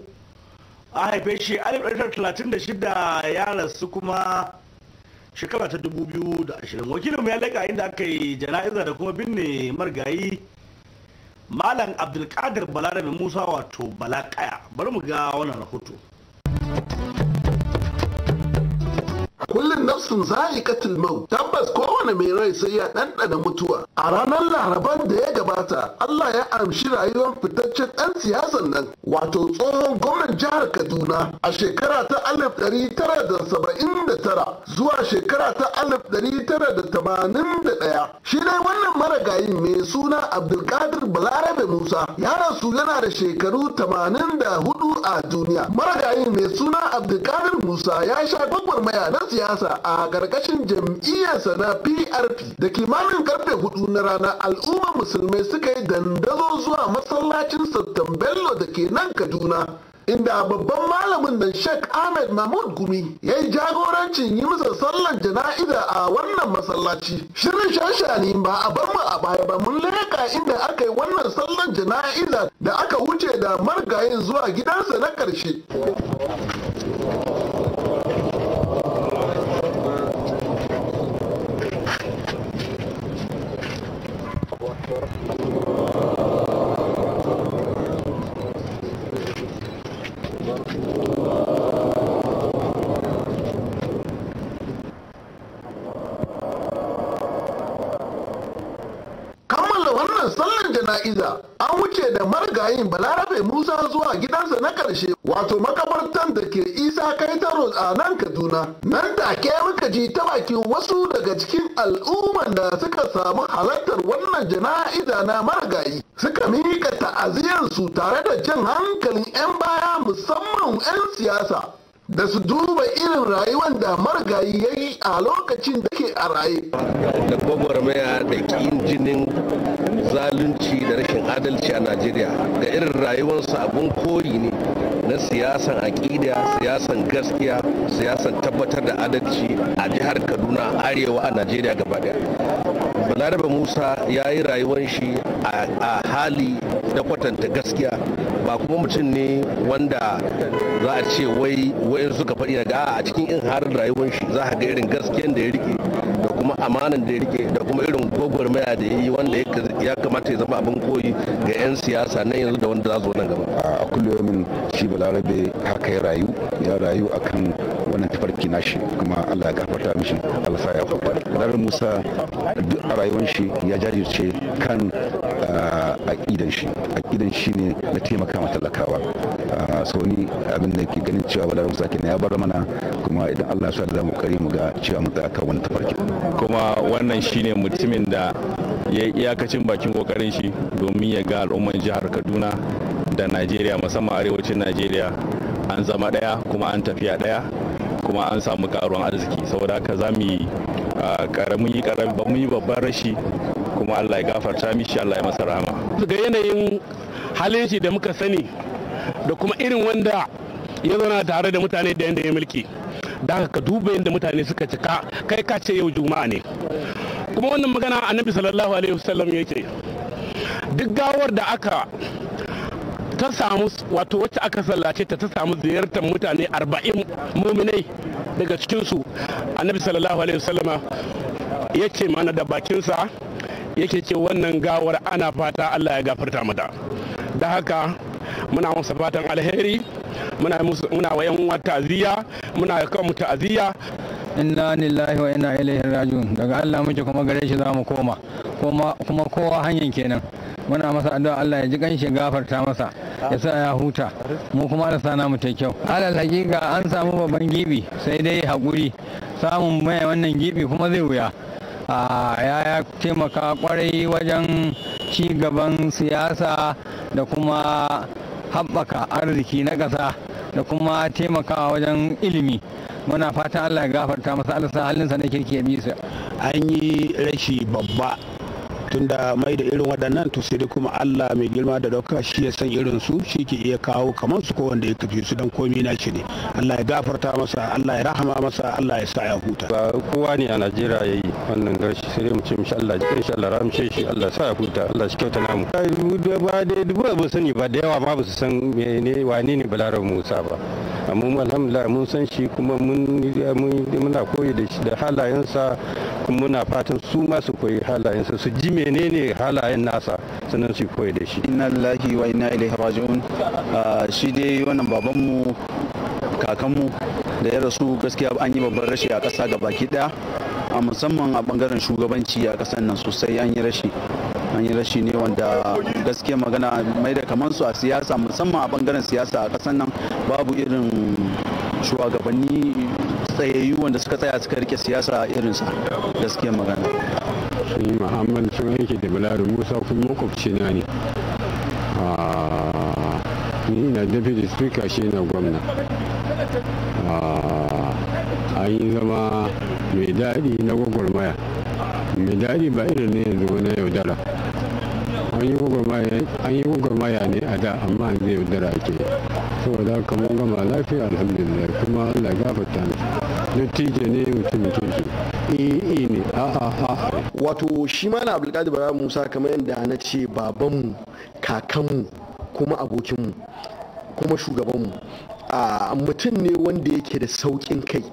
a haife shi 1936 ya rasu kuma shekara ta 2020 wakilinmu ya leka inda aka yi jana'iza da kuma binne margayi malam abdulkadir balarabe musa wato balakaya bari mu ga wannan rahoto Thank you. kullum nafsin za'iqatul maut tabbas kowane mai rai sai ya ɗanɗana mutuwa a ranar laraban da ya gabata Allah ya amshi rayuwar fitaccen ɗan siyasan nan wato tsohon gwamnan jihar Kaduna a shekara ta 1979 zuwa shekara ta 1981 shi dai wannan maragayin mai suna Abdulkadir Balarabe Musa ya rasu yana da shekaru 84 a duniya maragayin mai suna Abdulkadir Musa ya sha gwagwarmaya na siyasa a ƙarƙashin jam'iyyarsa na PRP da kimanin karfe hudu na rana al'ummar musulmai suka yi dandazo zuwa masallacin Sultan Bello da ke nan Kaduna. Inda babban malamin nan Sheikh Ahmed Mahmud Gumi ya yi jagorancin yi masa sallar jana'iza a wannan masallaci. Shirin shashani ba a bar mu a baya ba mun leka inda aka yi wannan sallar jana'iza da aka wuce da margayin zuwa gidansa na ƙarshe. iza an wuce da marigayin balarabe musa zuwa gidansa na karshe wato makabartan da ke isa kai ta a nan kaduna nan da ke muka ji ta bakin wasu daga cikin al'umman da suka samu halartar wannan jana'iza na marigayi suka miƙa su tare da jan hankalin 'yan baya musamman 'yan siyasa da su duba irin rayuwar da marigayi ya yi a lokacin da ke a raye. da gwagwarmaya da ƙin jinin zalunci da rashin adalci a najeriya ga irin rayuwarsa abun kori ne na siyasan aƙida siyasan gaskiya siyasan tabbatar da adalci a jihar kaduna arewa a najeriya gaba daya balarabe musa ya yi rayuwar shi a hali na kwatanta gaskiya ba kuma mutum ne wanda za a ce wai wayan suka faɗi daga a cikin in har rayuwar shi za a ga irin gaskiyan da ya rike amanan da ya rike da kuma irin gwagwarmaya da ya yi wanda ya kamata ya zama abin koyi ga 'yan siyasa na yanzu da wanda za su nan gaba a kullum shi balarabe haka ya rayu ya rayu akan wannan tafarki nashi kuma allah ya gafarta mishi allah ya kwakwa musa duk a rayuwar shi ya jajirce kan ah, aƙidan shi aƙidan shi ne na taimaka ma talakawa so ni abin da ke ganin cewa bala sake na ya bar mana kuma idan Allah ya za mu kari mu ga cewa mu wani tafarki kuma wannan shine mutumin da ya yi iyakacin bakin kokarin shi domin ya ga al'umman jihar Kaduna da Najeriya musamman arewacin Najeriya an zama daya kuma an tafiya daya kuma an samu karuwan arziki saboda haka za mu yi karamin yi karamin babban rashi kuma Allah ya gafarta mishi Allah ya masa rahama ga yanayin halin shi da muka sani da kuma irin wanda ya zauna tare da mutane da yadda ya mulki da haka ka duba yadda mutane suka cika kai ka ce yau juma'a ne kuma wannan magana annabi sallallahu alaihi wasallam ce, duk gawar da aka ta samu wato wacce aka sallace ta ta samu ziyartar mutane arba'in muminai daga cikinsu annabi sallallahu alaihi wasallama ya ce mana da bakinsa yake ce wannan gawar ana fata allah ya gafarta mata da haka muna musu fatan alheri muna muna wa yan aziya muna kan mu ta'aziyya inna lillahi wa inna ilaihi raji'un daga Allah muke kuma gare shi za mu koma kuma kowa hanyar kenan muna masa addu'a Allah ya ji kanshi gafarta masa ya sa ya huta mu kuma da sana mu ta kyau alal hakika an samu babban gibi sai dai hakuri samun mai wannan gibi kuma zai wuya ah, a ya taimaka kwarai wajen ci gaban siyasa da kuma haɓaka arziki na ƙasa da kuma taimakawa wajen ilimi muna fatan allah ya gafarta masa alisa halinsa na kirki ya bisa an yi rashi babba tunda mai da irin waɗannan to sai dai kuma Allah mai girma da dauka shi ya san irin su shi ke iya kawo kamar su ko wanda ya tafi su dan komi na shi ne Allah ya gafarta masa Allah ya rahama masa Allah ya sa ya huta ba kowa ne a Najeriya yayi wannan gashi sai mu ce insha Allah insha Allah ramshe shi Allah sa ya huta Allah shi kyauta namu ba dai ba sani ba da yawa ma ba su san mene wani ne Balarar Musa ba amma alhamdulillah mun san shi kuma mun muna koyi da shi da halayensa kuma muna fatan su ma su koyi halayensa su ji me menene halayen nasa sanin su koyi da shi inna lillahi wa inna ilaihi raji'un ah, shi dai wannan babanmu kakanmu da ya rasu gaskiya an yi babban rashi a ƙasa ga baki daya a musamman a bangaren shugabanci a ƙasar nan sosai an yi rashi an yi rashi ne wanda gaskiya magana mai da kaman su a siyasa musamman a bangaren siyasa a ƙasar nan babu irin shugabanni tsayayyu wanda suka tsaya suka rike siyasa irinsa gaskiya magana ni muhammad sun aiki da balari musa kuma makwabci na ne ah, ni ina deputy speaker shi na gwamna ah, an yi zama mai daɗi na gwagwarmaya mai daɗi ba irin na yanzu wani yaudara an yi gwagwarmaya ne a da amma an zai yaudara ke saboda haka mun gama lafiya alhamdulillah kuma allah gafarta mutu tije ne mutum ke Eh, eh, ne wato shi mana abdulkadir bara musa kamar yadda na ce babanmu kakanmu kuma abokinmu kuma shugabanmu a mutum ne wanda yake da sauƙin kai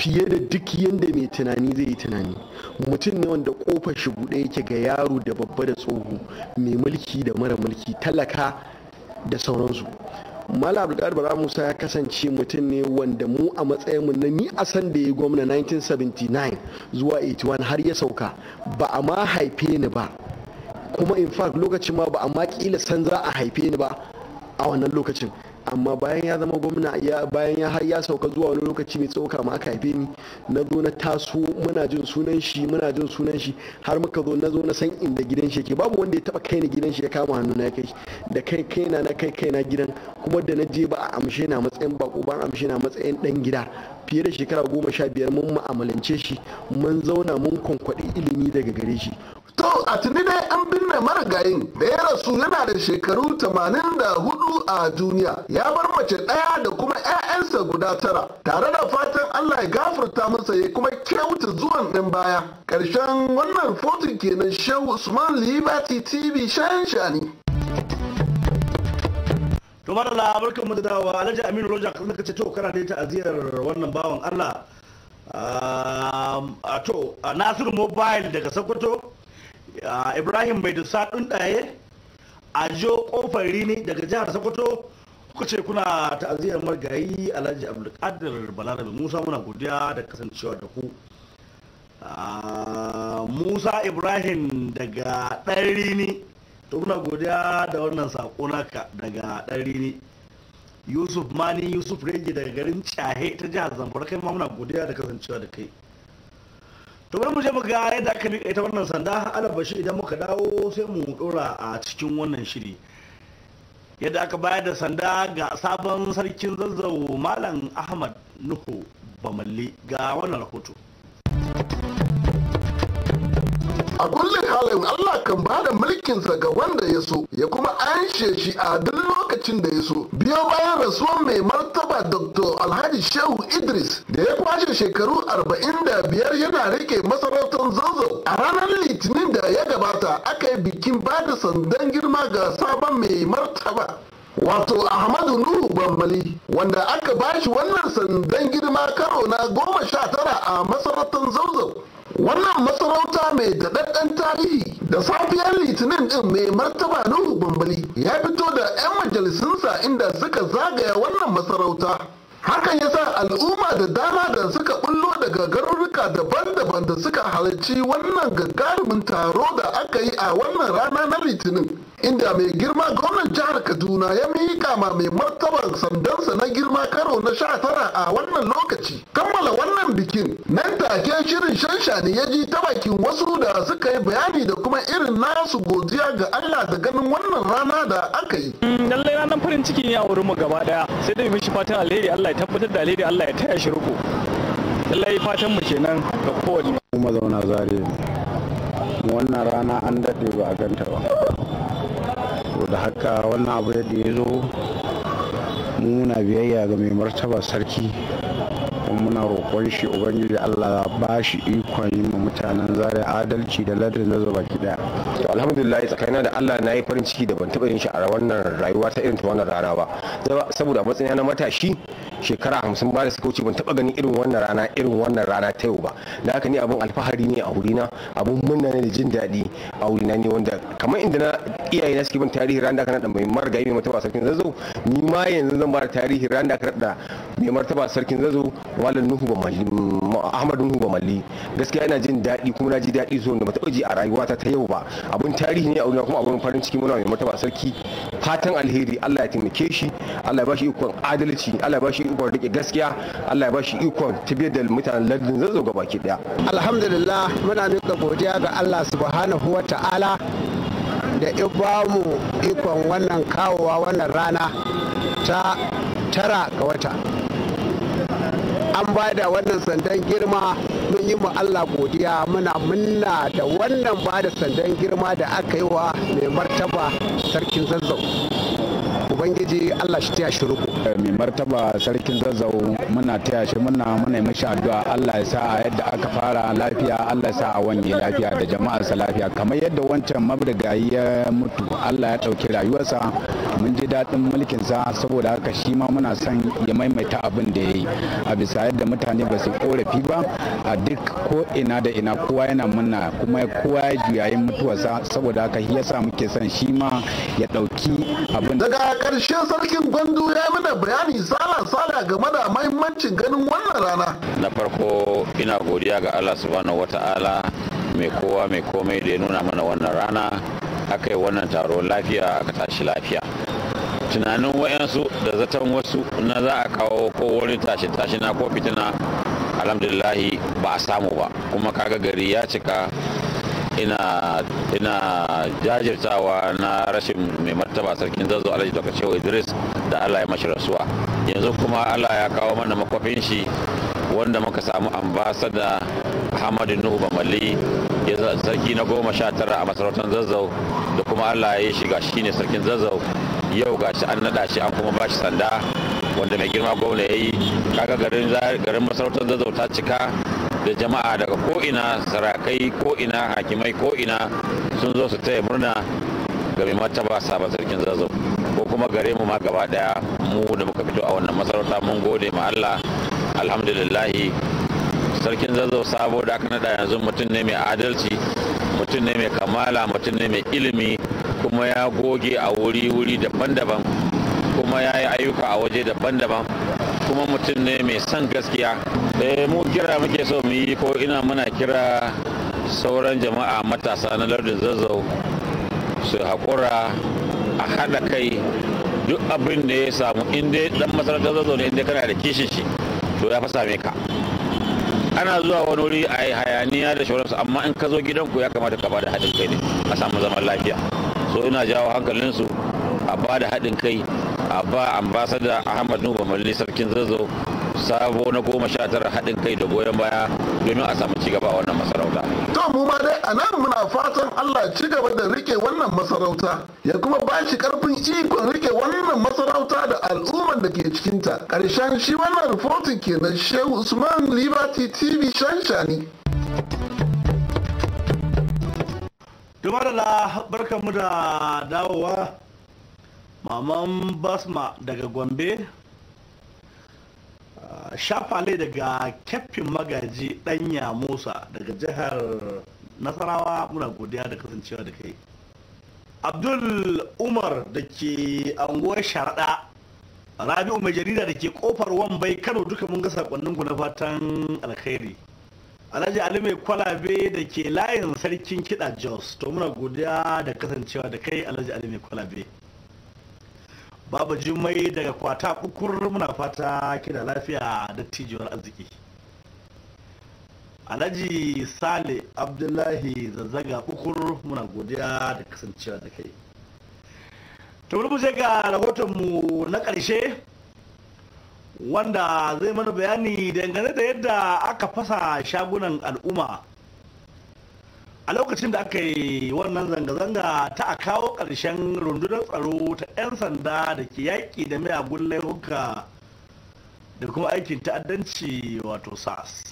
fiye da duk yadda mai tunani zai yi tunani mutum ne wanda kofar shi bude yake ga yaro da babba da tsoho mai mulki da mara mulki talaka da sauransu mala abdulkadir bara musa ya kasance mutum ne wanda mu a matsayinmu na ni a san da ya gwamna 1979 zuwa 81 har ya sauka ba a ma haife ni ba kuma in fact lokacin ma ba a ma kila san za a haife ni ba a wannan lokacin amma bayan ya zama gwamna bayan ya har ya sauka zuwa wani lokaci mai tsoka ma aka haife ni na zo na taso muna jin sunan shi muna jin sunan shi har muka zo na zo na san inda gidan shi yake babu wanda ya taba kai ni gidan shi ya kama hannu na kai da kai kaina na kai kaina gidan kuma da na je ba a amshe na matsayin bako ba amshe na matsayin dan gida fiye da shekara goma sha biyar mun ma'amalance shi mun zauna mun kwankwaɗi ilimi daga gare shi to a tuni dai an binne marigayin da ya rasu yana da shekaru 84 a duniya ya bar mace ɗaya da kuma 'ya'yansa guda tara tare da fatan allah ya gafarta masa ya kuma kyauta zuwan ɗin baya ƙarshen wannan fotun kenan shehu usman liberty tv shan shani to malala barkan mu da dawowa alhaji aminu roja kuma kace to kana da ta'aziyar wannan bawan Allah a ah, ah, to ah, nasiru mobile daga sokoto ibrahim bai da sadun daye ajo kofar rini daga jihar sokoto kuka ce kuna ta'aziyar margayi alhaji abdulkadir balarabe musa muna godiya da kasancewa da ku musa ibrahim daga ɗan rini to muna godiya da wannan sako naka daga ɗarini yusuf mani yusuf rege daga garin cahe ta jihar zamfara kai ma muna godiya da kasancewa da kai to bari mu je mu ga yadda aka miƙa ita wannan sanda alabashi idan muka dawo sai mu ɗora a cikin wannan shiri yadda aka bayar da sanda ga sabon sarkin zazzau malam ahmad nuhu bamalle ga wannan rahoto a kullum halin Allah kan ba da mulkinsa ga wanda ya so ya kuma anshe shi a duk lokacin da ya so biyo bayan rasuwan mai martaba dr alhaji shehu idris da ya kwashe shekaru 45 yana rike masarautar zozo a ranar litinin da ya gabata aka yi bikin ba da sandan girma ga sabon mai martaba wato ahmadu nuhu bambali wanda aka bashi wannan sandan girma karo na goma sha tara a masarautar zauzau. wannan masarauta mai daɗaɗɗen tarihi da safiyar litinin ɗin mai martaba nuhu bambali ya fito da 'yan majalisunsa inda suka zagaya wannan masarauta hakan ya sa al'umma da dama da suka bullo daga garuruka daban-daban da suka halarci wannan gagarumin taro da aka yi a wannan rana na litinin inda mai girma gwamnan jihar kaduna ya miƙa ma mai martaban sandansa na girma karo na sha tara a wannan lokaci kammala wannan bikin nan take shirin shanshani ya ji ta bakin wasu da suka yi bayani da kuma irin nasu godiya ga allah da ganin wannan rana da aka yi mm, lallai ranar farin ciki ya wurin mu gaba daya sai dai mishi fatan alheri allah ya tabbatar da alheri allah ya taya shi riko lallai fatan mu kenan ga kowane mazauna zare wannan rana an dade ba a ganta ba to da haka wannan abu yadda ya zo muna biyayya ga mai martaba sarki kuma muna roƙon shi ubangiji allah ba shi ikon yi ma mutanen zare adalci da ladin zazo zuba ki daya to alhamdulillah tsakanina da allah na yi farin ciki da ban taɓa yin shi a wannan rayuwa ta irin ta wannan rana ba saboda matsayina na matashi shekara hamsin ba da suka wuce ban taba ganin irin wannan rana irin wannan rana ta yau ba da haka ni abin alfahari ne a wurina abin murna ne da jin daɗi a wurina ne wanda kamar inda na iyaye na suke ban tarihi ran da aka naɗa mai margayi mai mataba sarkin zazzau ni ma yanzu zan ba da tarihi ran da aka naɗa mai martaba sarkin zazo malam nuhu ba mali ahmad nuhu ba mali gaskiya ina jin daɗi kuma na ji daɗi zuwa da taɓa ji a rayuwata ta yau ba abun tarihi ne a wurina kuma abin farin ciki muna mai martaba sarki fatan alheri Allah ya taimake shi Allah ya bashi ikon adalci Allah ya bashi ikon rike gaskiya Allah ya bashi ikon tabiyar da mutanen lardin zazo gaba ki daya alhamdulillah muna miƙa godiya ga Allah subhanahu wa ta'ala da ya bamu ikon wannan kawowa wannan rana ta tara ga wata an ba da wannan sandan girma mun yi mu Allah godiya muna munna da wannan ba da sandan girma da aka yi wa mai martaba sarkin zazzau ubangiji allah shi taya shi ruku eh, mai martaba sarkin zazzau muna taya shi muna muna mashi addu'a allah ya sa yadda aka fara lafiya allah ya sa a wani lafiya da sa lafiya kamar yadda wancan mabrigayi ya mutu allah ya ɗauki rayuwarsa mun ji daɗin mulkin sa saboda haka shi ma muna son ya maimaita abin da ya yi a bisa yadda mutane ba su korafi ba a duk ko ina da ina kowa yana muna kuma kowa ya juyayin mutuwarsa saboda haka shi sa muke son shi ma ya ɗauki abin karshe sarkin gwandu ya mana bayani sala-sala game da mahimmancin ganin wannan rana na farko ina godiya ga allah subhanahu wata'ala mai kowa mai komai da ya nuna mana wannan rana aka yi wannan taro lafiya aka tashi lafiya tunanin wayansu da zaton wasu na za a kawo ko wani tashi tashi na ko fitina alhamdulillahi ba a samu ba kuma kaga gari ya cika ina jajirtawa na rashin mai martaba sarkin zazzau alhaji daga cewa idris da allah ya mashi rasuwa yanzu kuma allah ya kawo mana makwafin shi wanda muka samu ambasada hamadu nuhu bamali ya sarki na goma sha tara a masarautar zazzau da kuma allah ya shiga shi ne sarkin zazzau yau gashi an naɗa shi an kuma ba shi sanda wanda mai girma gwamna ya yi kaga garin masarautar zazzau ta cika da jama'a daga ko'ina sarakai ko'ina hakimai ko'ina sun zo su taya murna ga mai martaba sabon sarkin zazzau ko kuma gare mu ma gaba daya mu da muka fito a wannan masarauta mun gode ma Allah alhamdulillahi sarkin zazzau sabo da aka nada yanzu mutum ne mai adalci mutum ne mai kamala mutum ne mai ilimi kuma ya goge a wuri-wuri daban-daban kuma ya yi ayyuka a waje daban-daban kuma mutum ne mai son gaskiya eh, mu kira muke so mu yi ko ina muna kira sauran jama'a matasa na lardin zazzau su haƙura a haɗa kai duk abin da ya samu inda dan masarautar zazzau ne inda kana da kishin shi to ya fasa same ka ana zuwa wani wuri a yi hayaniya da shauransu amma in ka zo gidanku ya kamata ka bada haɗin kai ne a samu zaman lafiya so ina jawo hankalinsu a ba da haɗin kai a ba ambasada ahmad nuba malli sarkin zazzau sabo na goma sha tara haɗin kai da goyon baya domin a samu cigaba a wannan masarauta. To mu ma dai a nan muna fatan Allah ci gaba da rike wannan masarauta ya kuma ba shi karfin ikon rike wannan masarauta da al'ummar da ke cikinta. Karshen shi wannan rufotin na Shehu Usman Liberty TV Shanshani. Tumarala barkanmu da dawowa maman basma daga gombe ah, shafale daga kyaffin magaji danya musa daga jihar nasarawa muna godiya da kasancewa da kai abdul umar da ke anguwar sharaɗa rabi'u mai jarida da ke kofar wambai kano duka mun ga sakonninku na fatan alkhairi alhaji ali mai kwalabe da ke layin sarkin kiɗa jos to muna godiya da kasancewa da kai alhaji ali mai kwalabe Baba Jummai daga kwata kukur muna fata kina lafiya da tijiyar arziki. Alhaji Sale Abdullahi zazzaga kukur muna godiya da kasancewa da kai. mu ga rahotonmu na ƙarshe wanda zai mana bayani dangane da yadda aka fasa shagunan al'umma a lokacin da aka yi wannan zanga-zanga ta a kawo ƙarshen rundunar tsaro ta 'yan sanda da ke yaƙi da miyagun laifuka da kuma aikin ta'addanci wato sas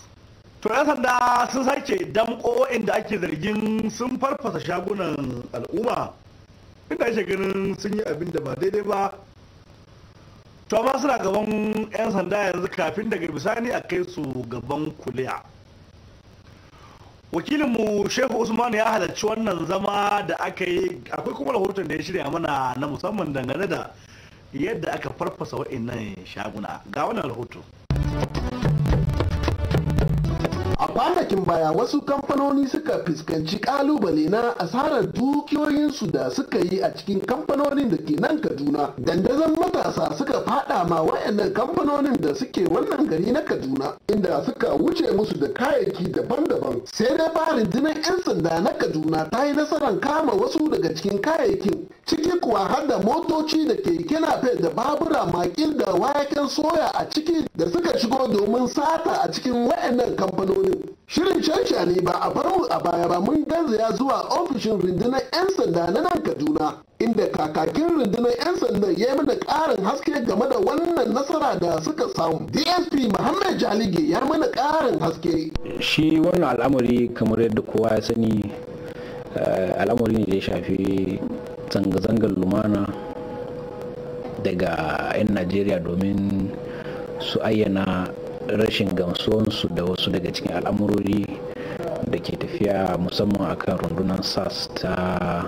to 'yan sanda sun sake damƙo inda ake zargin sun farfasa shagunan al'umma inda ake ganin sun yi abin da ba daidai ba to amma suna gaban 'yan sanda yanzu kafin daga bisani a kai su gaban kuliya wakilinmu shehu usman ya halarci wannan zama da aka yi akwai kuma rahoton da ya shirya mana na musamman dangane da yadda aka farfasa waɗannan shaguna ga wannan rahoto kwanakin baya wasu kamfanoni suka fuskanci kalubale na asarar dukiyoyinsu da suka yi a cikin kamfanonin da ke nan kaduna dandazon matasa suka fada ma wayannan kamfanonin da suke wannan gari na kaduna inda suka wuce musu da kayayyaki daban-daban sai dai ba rundunar 'yan sanda na kaduna ta yi nasarar kama wasu daga cikin kayayyakin ciki kuwa har da motoci da keke nafe da babura makil da wayaken soya a ciki da suka shigo domin sata a cikin wayannan kamfanonin Shirin canza ne ba a bar a baya ba mun garzaya zuwa ofishin rundunar 'yan sanda na nan Kaduna inda kakakin rundunar 'yan sanda ya yi mana ƙarin haske game da wannan nasara da suka samu. DSP Muhammad Jalige ya mana ƙarin haske. Shi wannan al'amari kamar yadda kowa ya sani eh, al'amari ne da ya shafi zanga-zangar lumana daga 'yan Najeriya domin su ayyana rashin gamsuwansu da wasu daga cikin al'amurori da ke tafiya musamman akan rundunar sas ta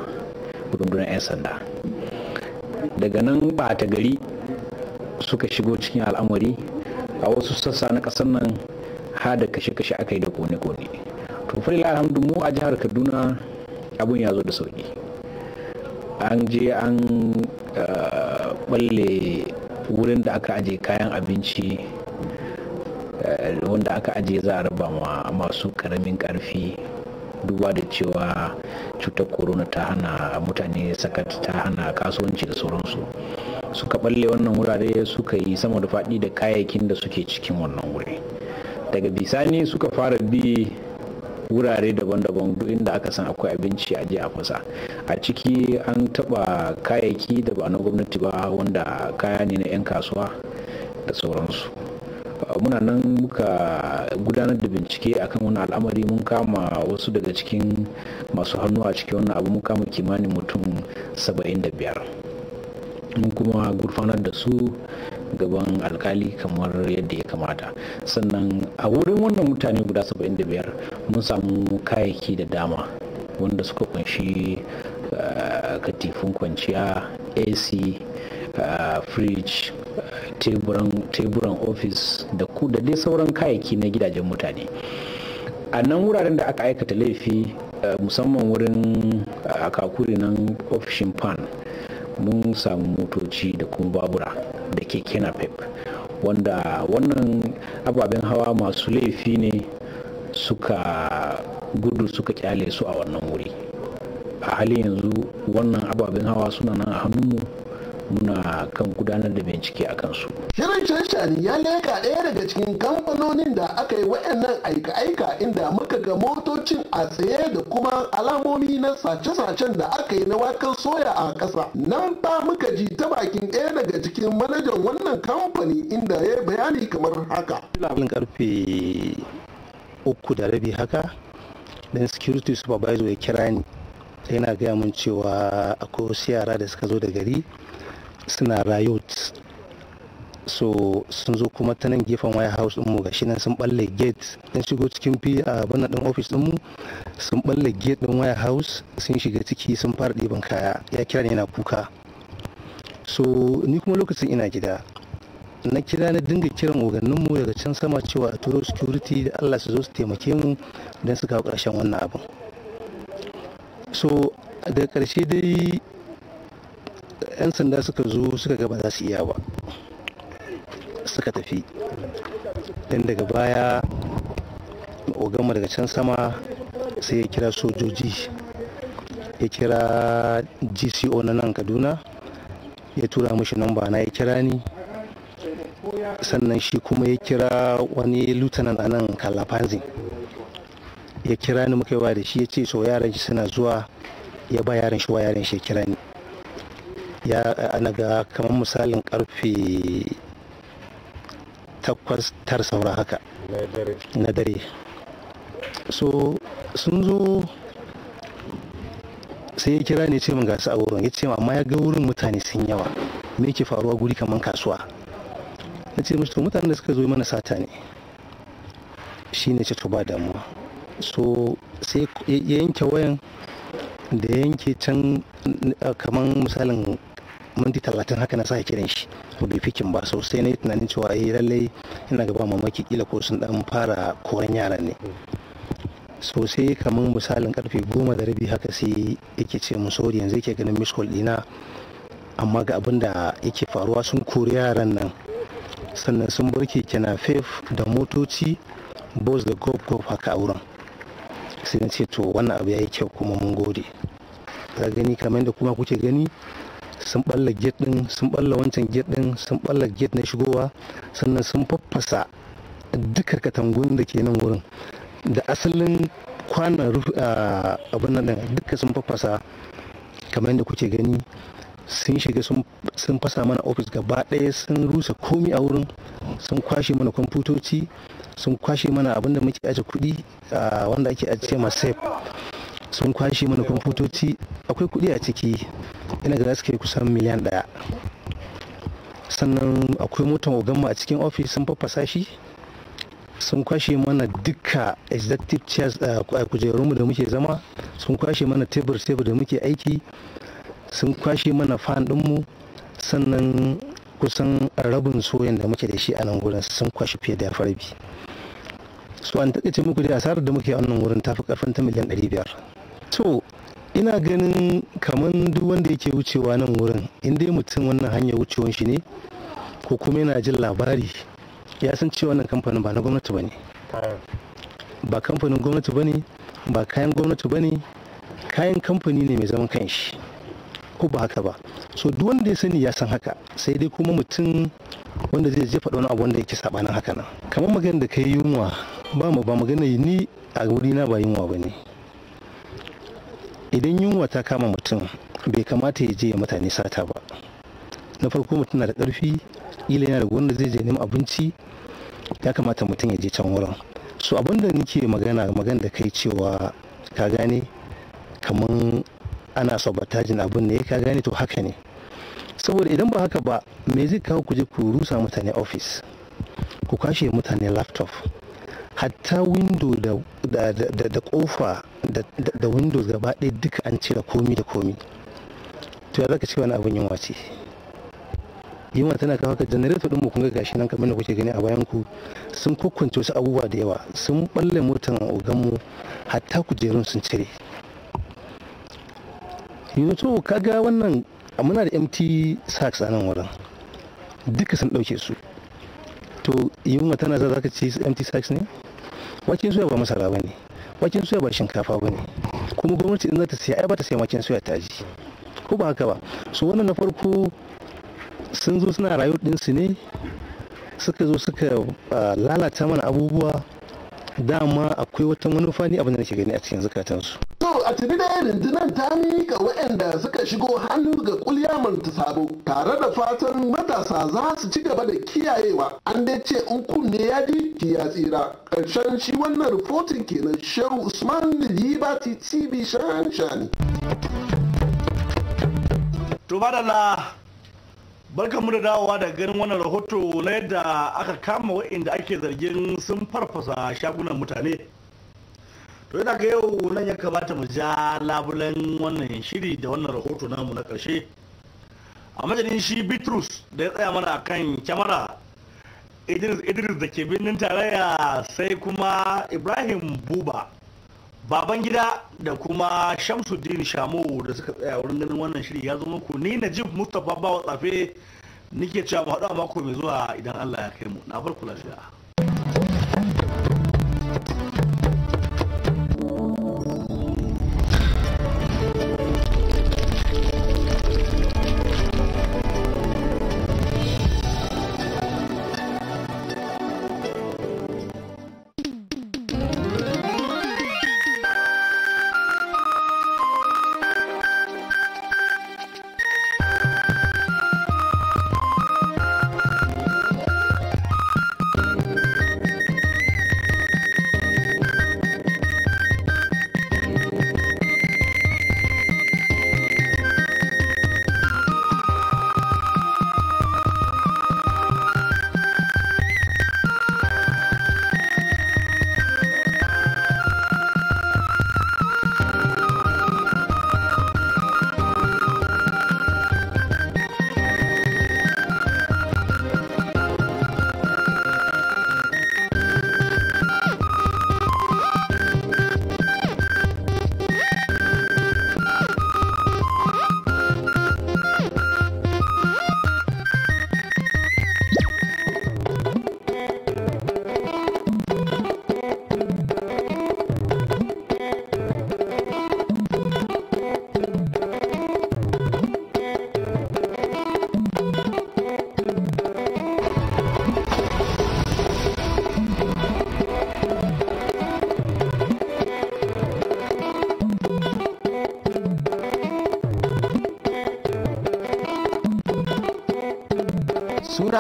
rundunar 'yan sanda daga nan ta gari suka shigo cikin al'amari a wasu sassa na ƙasar nan hada da kashe-kashe aka yi da kone-kone to alhamdu mu a jihar kaduna abun ya zo da sauki an je an balle ah, wurin da aka ajiye kayan abinci wanda aka ajiye za a raba ma masu karamin karfi duba da cewa cutar corona ta hana mutane sakat ta hana kasuwanci da sauransu suka balle wannan wurare suka yi sama da faɗi da kayayyakin da suke cikin wannan wuri daga bisani suka fara bi wurare daban-daban duk inda aka san akwai abinci a a fasa a ciki an taba kayayyaki da ba na gwamnati ba wanda kaya ne na 'yan kasuwa da sauransu muna nan muka gudanar da bincike akan wani al'amari mun kama wasu daga cikin masu hannu a cikin wannan abu mun kama kimanin mutum 75 mun kuma gurfanar da su gaban alkali kamar yadda ya kamata sannan a wurin wannan mutane guda 75 mun samu kayayyaki da dama wanda suka kunshi eh, katifin kwanciya ac fridge teburan ofis da ku da dai sauran kayayyaki na gidajen mutane a nan wuraren da aka aikata laifi musamman wurin kakuri nan ofishin pan mun samu motoci da kuma babura da keke napep wanda wannan ababen hawa masu laifi ne suka gudu suka kyale su a wannan wuri a halin yanzu wannan ababen hawa suna nan a hannunmu muna kan gudanar da bincike a kansu. Shirin Canshari ya leka ɗaya daga cikin kamfanonin da aka yi waɗannan aika-aika inda muka ga motocin a tsaye da kuma alamomi na sace-sacen da aka yi na wakan soya a ƙasa. Nan ba muka ji ta bakin ɗaya daga cikin manajan wannan kamfani inda ya bayani kamar haka. Labarin karfe uku da rabi haka, dan security supervisor ya kira ni. yana gaya mun cewa akwai wasu yara da suka zo da gari suna riot so sun zo kuma ta nan gefen waya house mu ga shi nan sun balle gate sun shigo cikin fi a bana ɗin ofis ɗinmu sun balle gate ɗin waya house sun shiga ciki sun fara ɗiban kaya ya kira ni na kuka so ni kuma lokacin ina gida na kira na dinga kiran ogannin mu daga can sama cewa a turo security da allah su zo su taimake mu don su kawo ƙarshen wannan abin so da ƙarshe dai 'yan sanda suka zo suka gaba za su iya ba suka tafi dan daga baya ogama daga can sama sai ya kira sojoji ya kira gco na nan kaduna ya tura mashi namba na ya kira ni sannan shi kuma ya kira wani lieutenant a nan kalafanzin ya kira ni muka yawa da shi ya ce so yaran shi suna zuwa ya ba yaran shi wa yaran shi ya kira ni ya ana eh, ga kamar misalin karfe takwas tar saura haka na dare so sun zo sai ya kira ne ce min gasa a wurin ya ce amma ya ga wurin mutane sun yawa me ke faruwa guri kamar kasuwa na ce mishi to mutanen da suka zo mana sata ne shi ne ce to ba damuwa so sai ya yanke wayan da yanke can eh, kamar misalin minti talatin haka na sa kiran shi Mu bai fikin ba sosai na yi tunanin cewa eh lallai ina gaba mamaki kila ko sun dan fara koran yaran ne sosai kamar misalin karfe goma da rabi haka sai yake ce mu sori yanzu yake ganin miss call dina amma ga abin da yake faruwa sun kori yaran nan sannan sun bar keke na fef da motoci bus da gob gob haka a wurin sai na ce to wannan abu ya yi kyau kuma mun gode ka gani kamar da kuma kuke gani sun balla gate din sun balla wancan gate din sun balla gate na shigowa sannan sun faffasa duka katangun da ke nan wurin da asalin kwanan abin nan duka sun faffasa kamar yadda kuke gani sun shiga sun fasa mana ofis gaba ɗaya sun rusa komi a wurin sun kwashe mana kwamfutoci sun kwashe mana abin da muke aje kuɗi wanda ake ajiye ma safe sun kwashe mana kwamfutoci akwai kuɗi a ciki ina ga kusan miliyan ɗaya sannan akwai motan oganmu a cikin ofis sun faffasa shi sun kwashe mana duka executive chairs a eh, eh, kujerunmu da muke zama sun kwashe mana tebur tebur da muke aiki sun kwashe mana fan ɗinmu sannan kusan rabin soyan da muke da shi a nan gudun sun kwashe fiye da farbi so an taƙaice muku da asarar da muke a wannan wurin tafi karfin ta miliyan 500 so ina ganin kamar duk wanda yake wucewa nan wurin inda mutum wannan hanyar wucewan shi ne ko kuma yana jin labari ya san cewa wannan kamfanin ba na gwamnati ba ne ba kamfanin gwamnati ba ne ba kayan gwamnati ba ne kayan kamfani ne mai zaman kanshi ko ba haka ba so duk wanda ya sani ya san haka sai dai kuma mutum wanda zai je faɗa wani abu wanda yake saɓanin haka nan kamar magana da kai yunwa ba mu ba magana ni a na ba yunwa ba ne idan yunwa ta kama mutum bai kamata ya je ya mutane sata ba na farko mutum na da ƙarfi ila yana da wanda zai je neman abinci ya kamata mutum ya je can wurin so abin da nake magana magana da kai cewa ka gane kamar ana sabatajin abin ne ka gane to haka ne saboda idan ba haka ba me zai kawo ku je ku rusa mutane ofis ku kwashe mutane laptop hatta window da da kofa da windows gaba ɗaya duka an cire komi da komi to ya zaka ce wani abin yunwa ce yunwa tana kawo ka janareto din mu kun ga gashi nan kamar da kuke gani a bayan ku sun kokkunce wasu abubuwa da yawa sun balle motan ogan mu hatta kujerun sun cire yanzu kaga wannan muna da mt sacks a nan wurin duka sun ɗauke su to yunwa tana za ka ce mt sacks ne wakin suya ba masara ba ne wakin suya ba shinkafa ba ne kuma gwamnati in za ta siya ai ba ta siya wakin suya ta ji ko ba haka ba su wannan na farko sun zo suna rayu ɗinsu ne suka zo suka lalata mana abubuwa dama akwai wata manufa ne abin da nake gani a cikin zukatansu yau a tuni dai rundunar ta miƙa waɗanda suka shigo hannu ga kulyamar ta sabo tare da fatan matasa za su ci gaba da kiyayewa an dai ce in kunne ya ji ki ya tsira Karshen shi wannan rufotin kenan shehu usman liberty tv shan shani. to madalla barkan mu da dawowa da ganin wannan rahoto na yadda aka kama waɗanda ake zargin sun farfasa shagunan mutane to yana ga yau nan ya kamata mu ja labulen wannan shiri da wannan rahoto namu na karshe a majalin shi bitrus da ya tsaya mana a kan kyamara idris da ke birnin tarayya sai kuma ibrahim buba baban gida da kuma shamsuddin shamu da suka tsaya wurin ganin wannan shiri ya zo muku ni na jib mustapha bawa tsafe nike cewa mu haɗu a mako mai zuwa idan allah ya kai mu na farko lafiya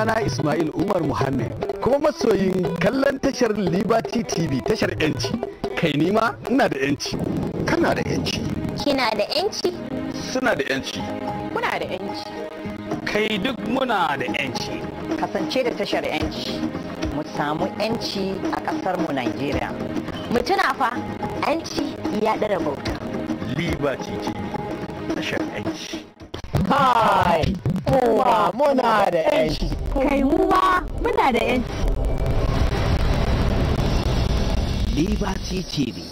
sunana Ismail Umar Muhammad kuma masoyin kallon tashar Liberty TV tashar yanci kai nima ina da yanci kana da yanci kina da yanci suna da yanci kuna da yanci kai duk muna da yanci kasance da tashar yanci mu samu yanci a kasar mu Najeriya mu tuna fa yanci ya dara bauta Liberty TV tashar yanci Hai! Uwa muna da kana da yan liberty tv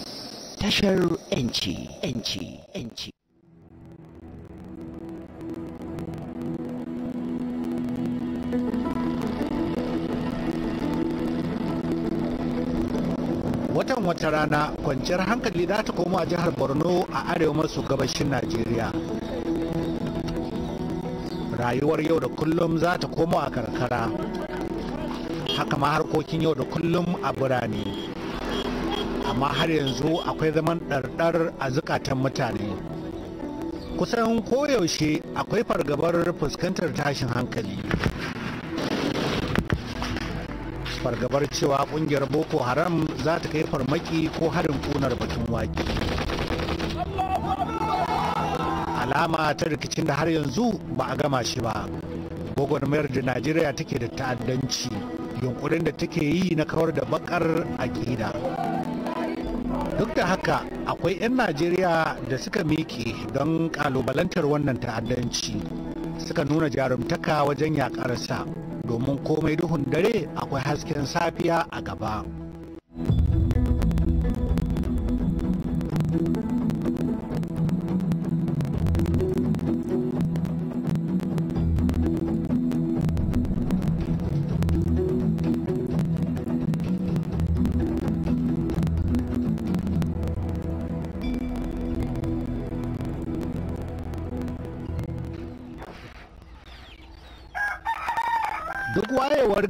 tashar yanci yanci yanci watan wata rana kwanciyar hankali za ta koma a jihar borno a arewa maso gabashin najeriya rayuwar yau da kullum za ta koma a karkara haka ma harkokin yau da kullum a birane amma har yanzu akwai zaman ɗarɗar a zukatan mutane kusan koyaushe akwai fargabar fuskantar tashin hankali fargabar cewa ƙungiyar boko haram za ta kai farmaki ko harin kunar batun wake alama ta rikicin da har yanzu ba a gama shi ba gwagwarmayar da najeriya take da ta'addanci yunkurin da take yi na kawar da bakar aƙida duk da haka akwai 'yan najeriya da suka miƙe don ƙalubalantar wannan ta'addanci suka nuna jarumtaka wajen yaƙarsa domin komai duhun dare akwai hasken safiya a gaba.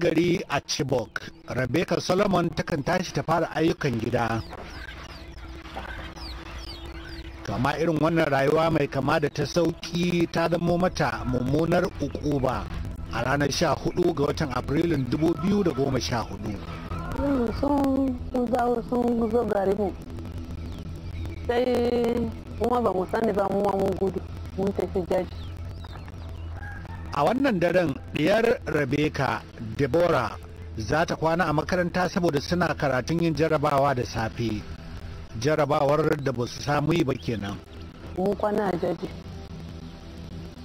gari a Chibok, Rebecca Solomon takan tashi ta fara ayyukan gida. Kama irin wannan rayuwa mai kama da ta sauki ta zamo mata mummunar ukuba a ranar 14 ga watan Afrilun 2014. sun zawo sun zo gari mu sai kuma ba mu sani ba mu mun gudu mun tafi jaji a wannan daren ɗiyar rebecca deborah za ta kwana a makaranta saboda suna karatun yin jarabawa da safe jarabawar da ba su samu yi ba kenan mun kwana a jaji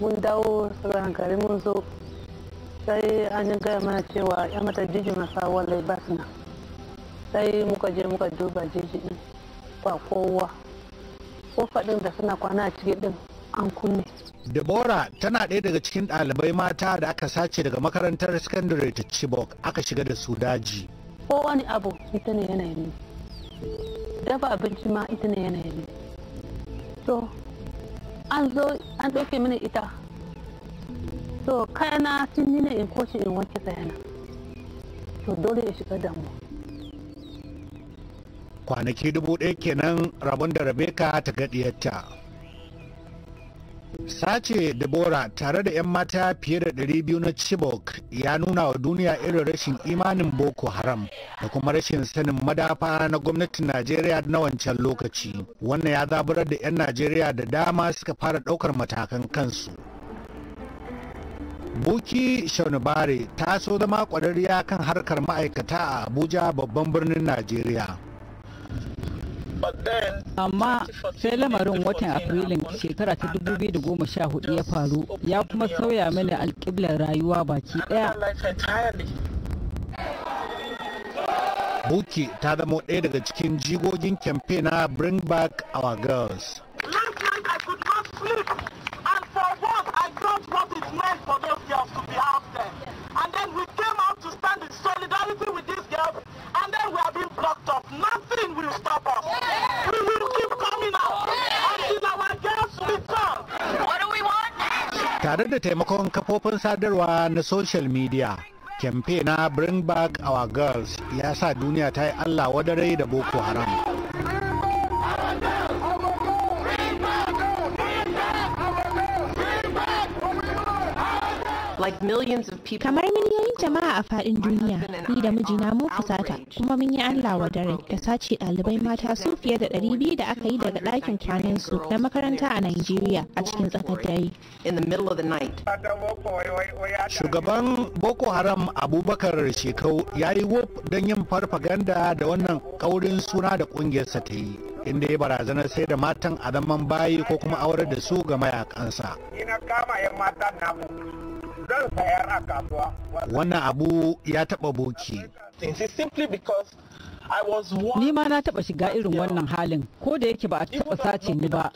mun dawo gari mun zo sai an yi gaya mana cewa ya mata jiji Masu wallai ba na sai muka je muka duba jiji ba kowa ko faɗin da suna kwana a ciki din an kunne Deborah tana ɗaya daga cikin ɗalibai mata da aka sace daga makarantar secondary ta Chibok aka shiga da su daji. Ko wani abu ita ne yanayin dafa abinci ma ita ne yanayin To, an zo an ɗauke mini ita. To, kayana sun yi ne in koshi in wanke kayana. To, dole ya shiga damu. Kwanaki dubu ɗaya kenan rabon da Rebecca ta gaɗiyarta. Sace Deborah tare da 'yan mata fiye da 200 na Chibok ya nuna wa duniya irin rashin imanin Boko Haram da kuma rashin sanin madafa na gwamnatin Najeriya na wancan lokaci. Wannan ya zaburar da 'yan Najeriya da dama suka fara ɗaukar matakan kansu. Buki Shaunibare ta so zama ƙwararriya kan harkar ma'aikata a Abuja babban birnin Najeriya. amma sai lamarin watan afrilun shekara ta 2014 ya faru ya kuma sauya mini alƙiblar rayuwa baki ɗaya Buki ta zama ɗaya daga cikin jigogin kyamfe na Bring Back Our Girls. I for those girls to be out there. And then we to stand solidarity with these girls, and then we stop us. Yeah. We Tare da taimakon kafofin sadarwa na social media, kyamfe na Bring Back Our Girls ya sa duniya ta yi Allah wadarai da Boko Haram. Kamar miliyoyin jama'a a faɗin duniya, ni da mijina mun fusata, kuma mun yi Allah wa dare da sace ɗalibai mata su fiye da ɗari biyu da aka yi daga ɗakin kwanansu na makaranta a nigeria a cikin tsakar dare. Shugaban Boko Haram Abubakar Shekau ya yi wuf don yin farfaganda da wannan kaurin suna da ƙungiyarsa ta yi. inda ya barazana sai da matan a bayi ko kuma aurar da su ga mayakansa. wannan abu ya taba boki Ni ma na taɓa shiga irin wannan halin ko da yake ba a taɓa sace ni ba.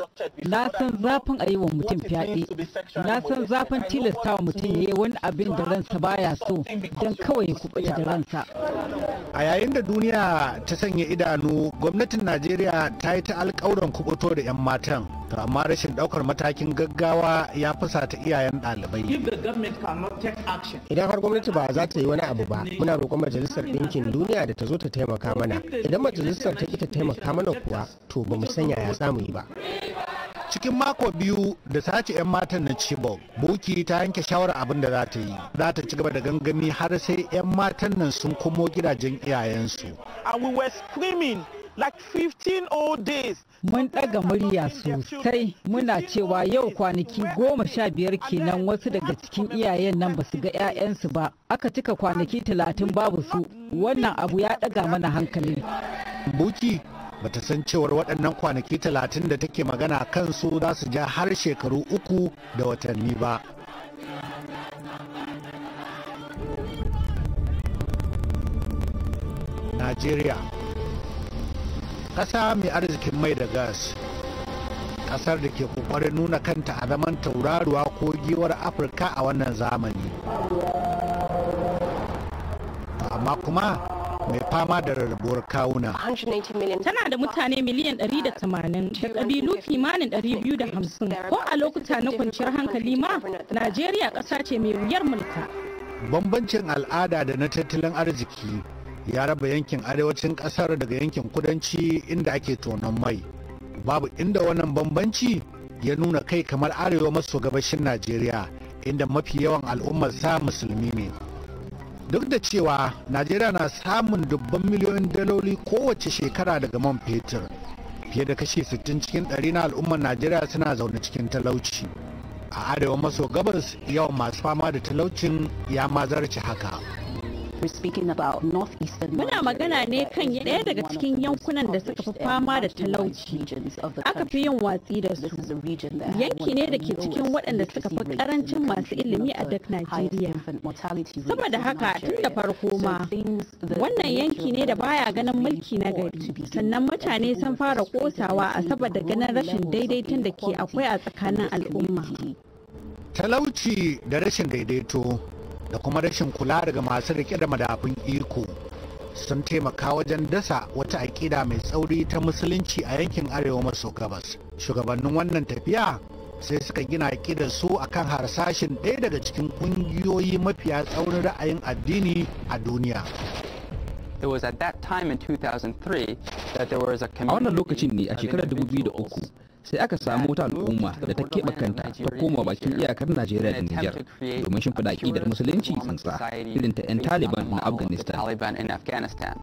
Na san zafin a yi wa mutum fyaɗe. Na san zafin tilasta wa mutum ya yi wani abin da ransa baya so don kawai ya kubuta da ransa. A yayin da duniya ta sanya idanu, gwamnatin Najeriya ta yi ta alƙawuran kuɓuto da 'yan matan. to amma rashin daukar matakin gaggawa ya fusata iyayen ɗalibai idan har gwamnati ba za ta yi wani abu ba muna roƙon majalisar ɗinkin duniya da ta zo ta taimaka mana idan majalisar ta ki ta taimaka mana kuwa to ba mu sanya ya samu yi ba cikin mako biyu da sace 'yan matan na chibok buki ta yanke shawarar abin da za ta yi za ta ci gaba da gangami har sai 'yan matan nan sun komo gidajen iyayensu and we were screaming like 15 old days mun ɗaga murya sosai muna cewa yau kwanaki goma sha biyar kenan wasu daga cikin iyayen nan ba su ga 'ya'yansu ba aka cika kwanaki talatin babu su wannan abu ya ɗaga mana hankali buki bata san cewar waɗannan kwanaki talatin da take magana kan su za su ja har shekaru uku da watanni ba nigeria. Kasa mai arzikin mai da gas ƙasar da ke kokarin nuna kanta a zaman tauraruwa ko giwar afirka a wannan zamani amma kuma mai fama da rarrabuwar kawuna tana da mutane miliyan 180 da ƙabilu kimanin 250 ko a lokuta na kwanciyar hankali ma najeriya ƙasa ce mai wuyar mulka bambancin al'ada da na tattalin arziki ya raba yankin arewacin ƙasar daga yankin kudanci inda ake tonon mai babu inda wannan bambanci ya nuna kai kamar arewa maso gabashin najeriya inda mafi yawan al'ummar sa musulmi ne duk da cewa najeriya na samun dubban miliyoyin daloli kowace shekara daga man fetur fiye da kashe 60 cikin ɗari na al'ummar najeriya suna zaune cikin talauci a arewa maso gabas yawan masu fama da talaucin ya mazarci haka Muna magana ne kan ɗaya daga cikin yankunan da suka fi fama da talauci. Aka fi yin watsi da su. Yanki ne da ke cikin waɗanda suka fi ƙarancin masu ilimi a duk Najeriya. da haka tun da farko ma wannan yanki ne da baya ganin mulki na gari. Sannan mutane sun fara kosawa a saboda ganin rashin daidaiton da ke akwai a tsakanin al'umma. Talauci da rashin daidaito da kuma rashin kula daga masu rike da madafun iko sun taimaka wajen dasa wata aƙida mai tsauri ta musulunci a yankin arewa maso gabas shugabannin wannan tafiya sai suka gina aƙidar su akan harsashin ɗaya daga cikin ƙungiyoyi mafiya tsaurin ra'ayin addini a duniya It was at that time in 2003 a A wannan lokacin ne a shekarar 2003 sai aka samu wata al'umma da ta keɓe kanta ta koma bakin iyakar najeriya da niger domin shimfiɗa da musulunci tsantsa irin ta 'yan taliban na afghanistan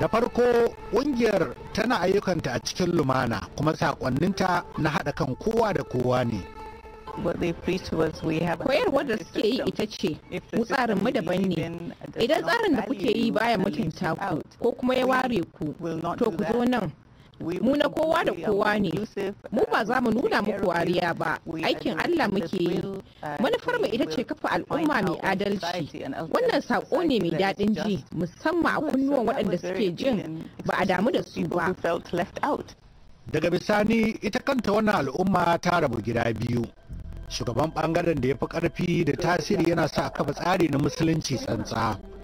da farko ƙungiyar tana ayyukanta a cikin lumana kuma sakonninta na haɗa kan kowa da kowa ne koyarwar da suke yi ita ce mu tsarin mu daban ne idan tsarin da kuke yi baya mutunta ku ko kuma ya ware ku to ku zo nan mu na kowa da kowa ne mu ba uh, za mu nuna muku wariya ba aikin allah muke yi uh, manufar mu ita ce kafa al'umma mai adalci wannan sako ne mai daɗin ji musamman a kunnuwan waɗanda suke jin ba a damu da su ba daga bisani ita kanta wannan al'umma ta rabu gida biyu shugaban bangaren da ya fi karfi da tasiri yana sa kafa tsari na musulunci tsantsa